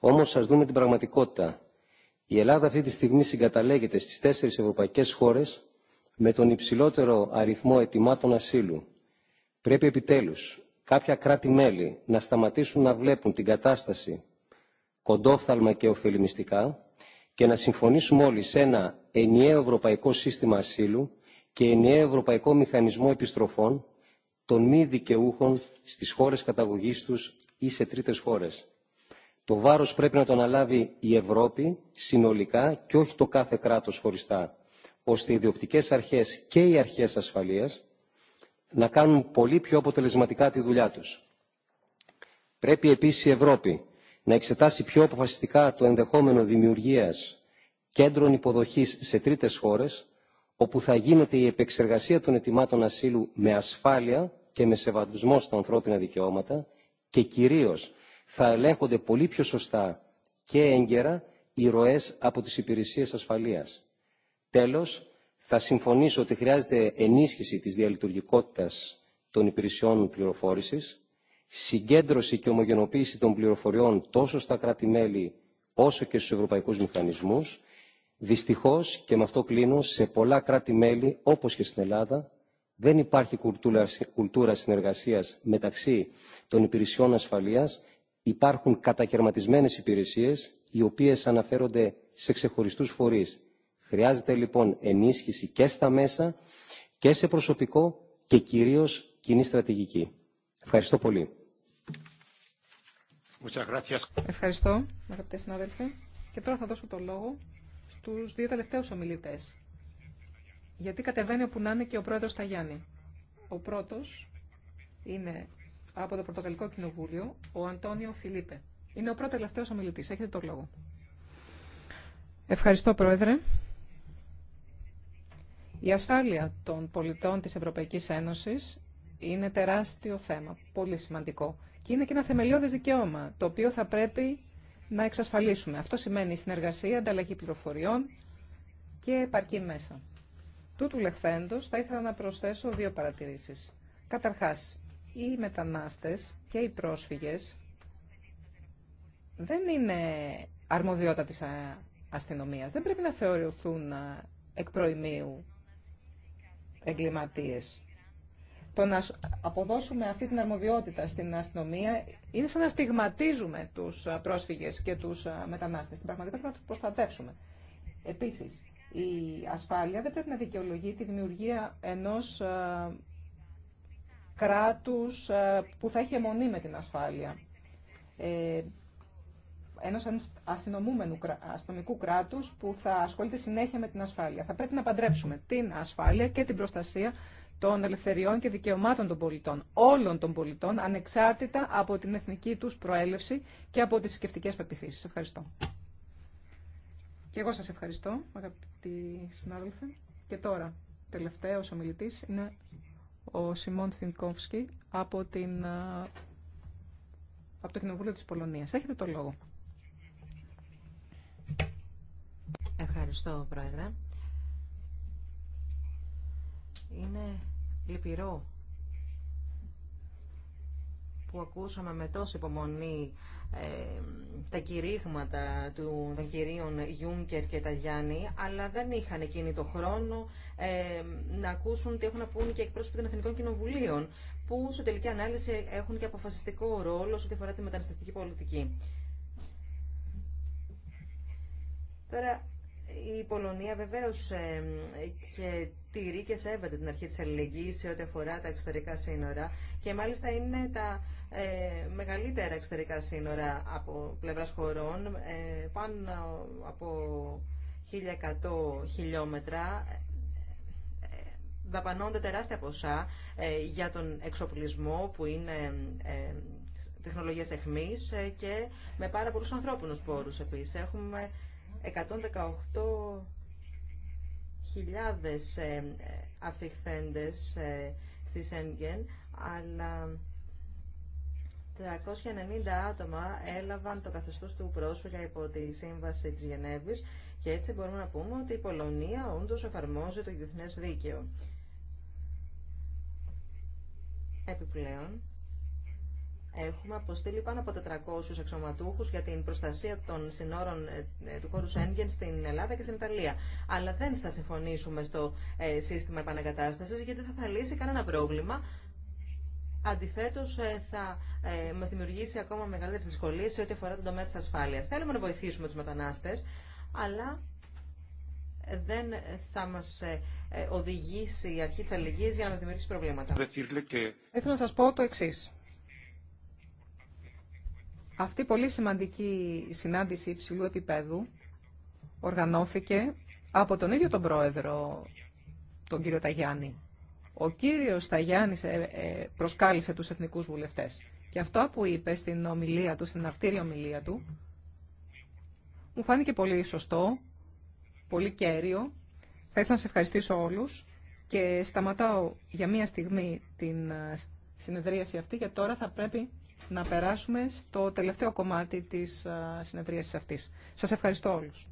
Όμως ας δούμε την πραγματικότητα. Η Ελλάδα αυτή τη στιγμή συγκαταλέγεται στις τέσσερις ευρωπαϊκές χώρες με τον υψηλότερο αριθμό ετοιμάτων ασύλου. Πρέπει επιτέλους κάποια κράτη-μέλη να σταματήσουν να βλέπουν την κατάσταση κοντόφθαλμα και ωφελημιστικά και να συμφωνήσουμε όλοι σε ένα ενιαίο ευρωπαϊκό σύστημα ασύλου και ενιαίο ευρωπαϊκό μηχανισμό επιστροφών των μη δικαιούχων στις χώρες καταγωγής τους ή σε τρίτες χώρες. Το βάρος πρέπει να το αναλάβει η Ευρώπη συνολικά και όχι το κάθε κράτος χωριστά ώστε οι ιδιοκτικέ αρχές και οι αρχές ασφαλείας να κάνουν πολύ πιο αποτελεσματικά τη δουλειά τους. Πρέπει επίση η Ευρώπη να εξετάσει πιο αποφασιστικά το ενδεχόμενο δημιουργία κέντρων υποδοχής σε τρίτες χώρες, όπου θα γίνεται η επεξεργασία των ετοιμάτων ασύλου με ασφάλεια και με σεβασμό στα ανθρώπινα δικαιώματα και κυρίω θα ελέγχονται πολύ πιο σωστά και έγκαιρα οι ροές από τις υπηρεσίες ασφαλείας. Τέλος, θα συμφωνήσω ότι χρειάζεται ενίσχυση της διαλειτουργικότητας των υπηρεσιών πληροφόρησης, συγκέντρωση και ομογενοποίηση των πληροφοριών τόσο στα κράτη-μέλη όσο και στους ευρωπαϊκούς μηχανισμούς. Δυστυχώς, και με αυτό κλείνω, σε πολλά κράτη-μέλη, όπως και στην Ελλάδα, δεν υπάρχει κουλτούρα συνεργασίας μεταξύ των υπηρεσιών ασφαλείας. Υπάρχουν κατακαιρματισμένες υπηρεσίες, οι οποίες αναφέρονται σε ξεχωριστούς φορείς Χρειάζεται λοιπόν ενίσχυση και στα μέσα και σε προσωπικό και κυρίως κοινή στρατηγική. Ευχαριστώ πολύ. Ευχαριστώ, αγαπητέ συνάδελφοι. Και τώρα θα δώσω το λόγο στου δύο τελευταίους ομιλητές. Γιατί κατεβαίνει όπου να είναι και ο πρόεδρος Ταγιάννη. Ο πρώτος είναι από το Πρωτοκαλικό Κοινοβούλιο, ο Αντώνιο Φιλίπε. Είναι ο πρώτο τελευταίο ομιλητή. Έχετε το λόγο. Ευχαριστώ, Πρόεδρε. Η ασφάλεια των πολιτών της Ευρωπαϊκής Ένωσης είναι τεράστιο θέμα, πολύ σημαντικό. Και είναι και ένα θεμελιώδες δικαίωμα, το οποίο θα πρέπει να εξασφαλίσουμε. Αυτό σημαίνει συνεργασία, ανταλλαγή πληροφοριών και επαρκή μέσα. Τούτου λεχθέντος θα ήθελα να προσθέσω δύο παρατηρήσεις. Καταρχάς, οι μετανάστες και οι πρόσφυγες δεν είναι αρμοδιότητα της αστυνομίας. Δεν πρέπει να θεωρηθούν εκ προημίου εγκληματίες. Το να αποδώσουμε αυτή την αρμοδιότητα στην αστυνομία είναι σαν να στιγματίζουμε τους πρόσφυγες και τους μετανάστες. Στην πραγματικότητα πρέπει να τους προστατεύσουμε. Επίσης, η ασφάλεια δεν πρέπει να δικαιολογεί τη δημιουργία ενός κράτους που θα έχει αιμονή με την ασφάλεια. Ε, Ενό αστυνομικού κράτου που θα ασχολείται συνέχεια με την ασφάλεια. Θα πρέπει να παντρέψουμε την ασφάλεια και την προστασία των ελευθεριών και δικαιωμάτων των πολιτών, όλων των πολιτών, ανεξάρτητα από την εθνική του προέλευση και από τις σκεφτικές πεπιθήσει. Ευχαριστώ. Και εγώ σα ευχαριστώ, αγαπητοί συνάδελφοι. Και τώρα, τελευταίος ομιλητή είναι ο Σιμών Θινκόφσκι από, την, ε, από το Κοινοβούλιο της Πολωνίας. Έχετε το λόγο. Ευχαριστώ, Πρόεδρε. Είναι λυπηρό που ακούσαμε με τόση υπομονή ε, τα κηρύγματα του, των κυρίων Γιούνκερ και Ταγιάννη, αλλά δεν είχαν εκείνη το χρόνο ε, να ακούσουν τι έχουν να πούν και εκπρόσωποι των Εθνικών Κοινοβουλίων, που σε τελική ανάλυση έχουν και αποφασιστικό ρόλο σε ό,τι αφορά τη μεταναστευτική πολιτική. Τώρα, η Πολωνία βεβαίως ε, και τηρεί και σέβεται την αρχή της αλληλεγγύη σε ό,τι αφορά τα εξωτερικά σύνορα και μάλιστα είναι τα ε, μεγαλύτερα εξωτερικά σύνορα από πλευράς χωρών, ε, πάνω από 1100 χιλιόμετρα. Ε, δαπανώνται τεράστια ποσά ε, για τον εξοπλισμό που είναι τεχνολογίας εχμής και με πάρα πολλούς ανθρώπινους πόρους επίσης. Έχουμε 118.000 ε, αφιχθέντες ε, στη Σέγγεν, αλλά 390 άτομα έλαβαν το καθεστώς του πρόσφυγα υπό τη Σύμβαση της Γενέβης και έτσι μπορούμε να πούμε ότι η Πολωνία όντως εφαρμόζει το διεθνές δίκαιο. Επιπλέον, Έχουμε αποστείλει πάνω από 400 αξιωματούχου για την προστασία των συνόρων ε, ε, του χώρου Σέγγεν στην Ελλάδα και στην Ιταλία. Αλλά δεν θα συμφωνήσουμε στο ε, σύστημα επανακατάσταση γιατί θα, θα λύσει κανένα πρόβλημα. Αντιθέτω, θα μα δημιουργήσει ακόμα μεγαλύτερε δυσκολίε σε ό,τι αφορά τον τομέα τη ασφάλεια. Θέλουμε να βοηθήσουμε του μετανάστε, αλλά δεν θα μα οδηγήσει η αρχή τη αλληλεγγύη για να μα δημιουργήσει προβλήματα. Ήθελα να σα πω το εξή. Αυτή η πολύ σημαντική συνάντηση υψηλού επίπεδου οργανώθηκε από τον ίδιο τον πρόεδρο, τον κύριο Ταγιάννη. Ο κύριος Ταγιάννης ε, ε, προσκάλεσε τους εθνικούς βουλευτές. Και αυτό που είπε στην ομιλία του, στην αρτήρια ομιλία του, μου φάνηκε πολύ σωστό, πολύ κέριο. Θα ήθελα να σε ευχαριστήσω όλους και σταματάω για μία στιγμή την ε, συνεδρίαση αυτή, γιατί τώρα θα πρέπει να περάσουμε στο τελευταίο κομμάτι της ε, συνεδρίας αυτής. Σας ευχαριστώ όλους.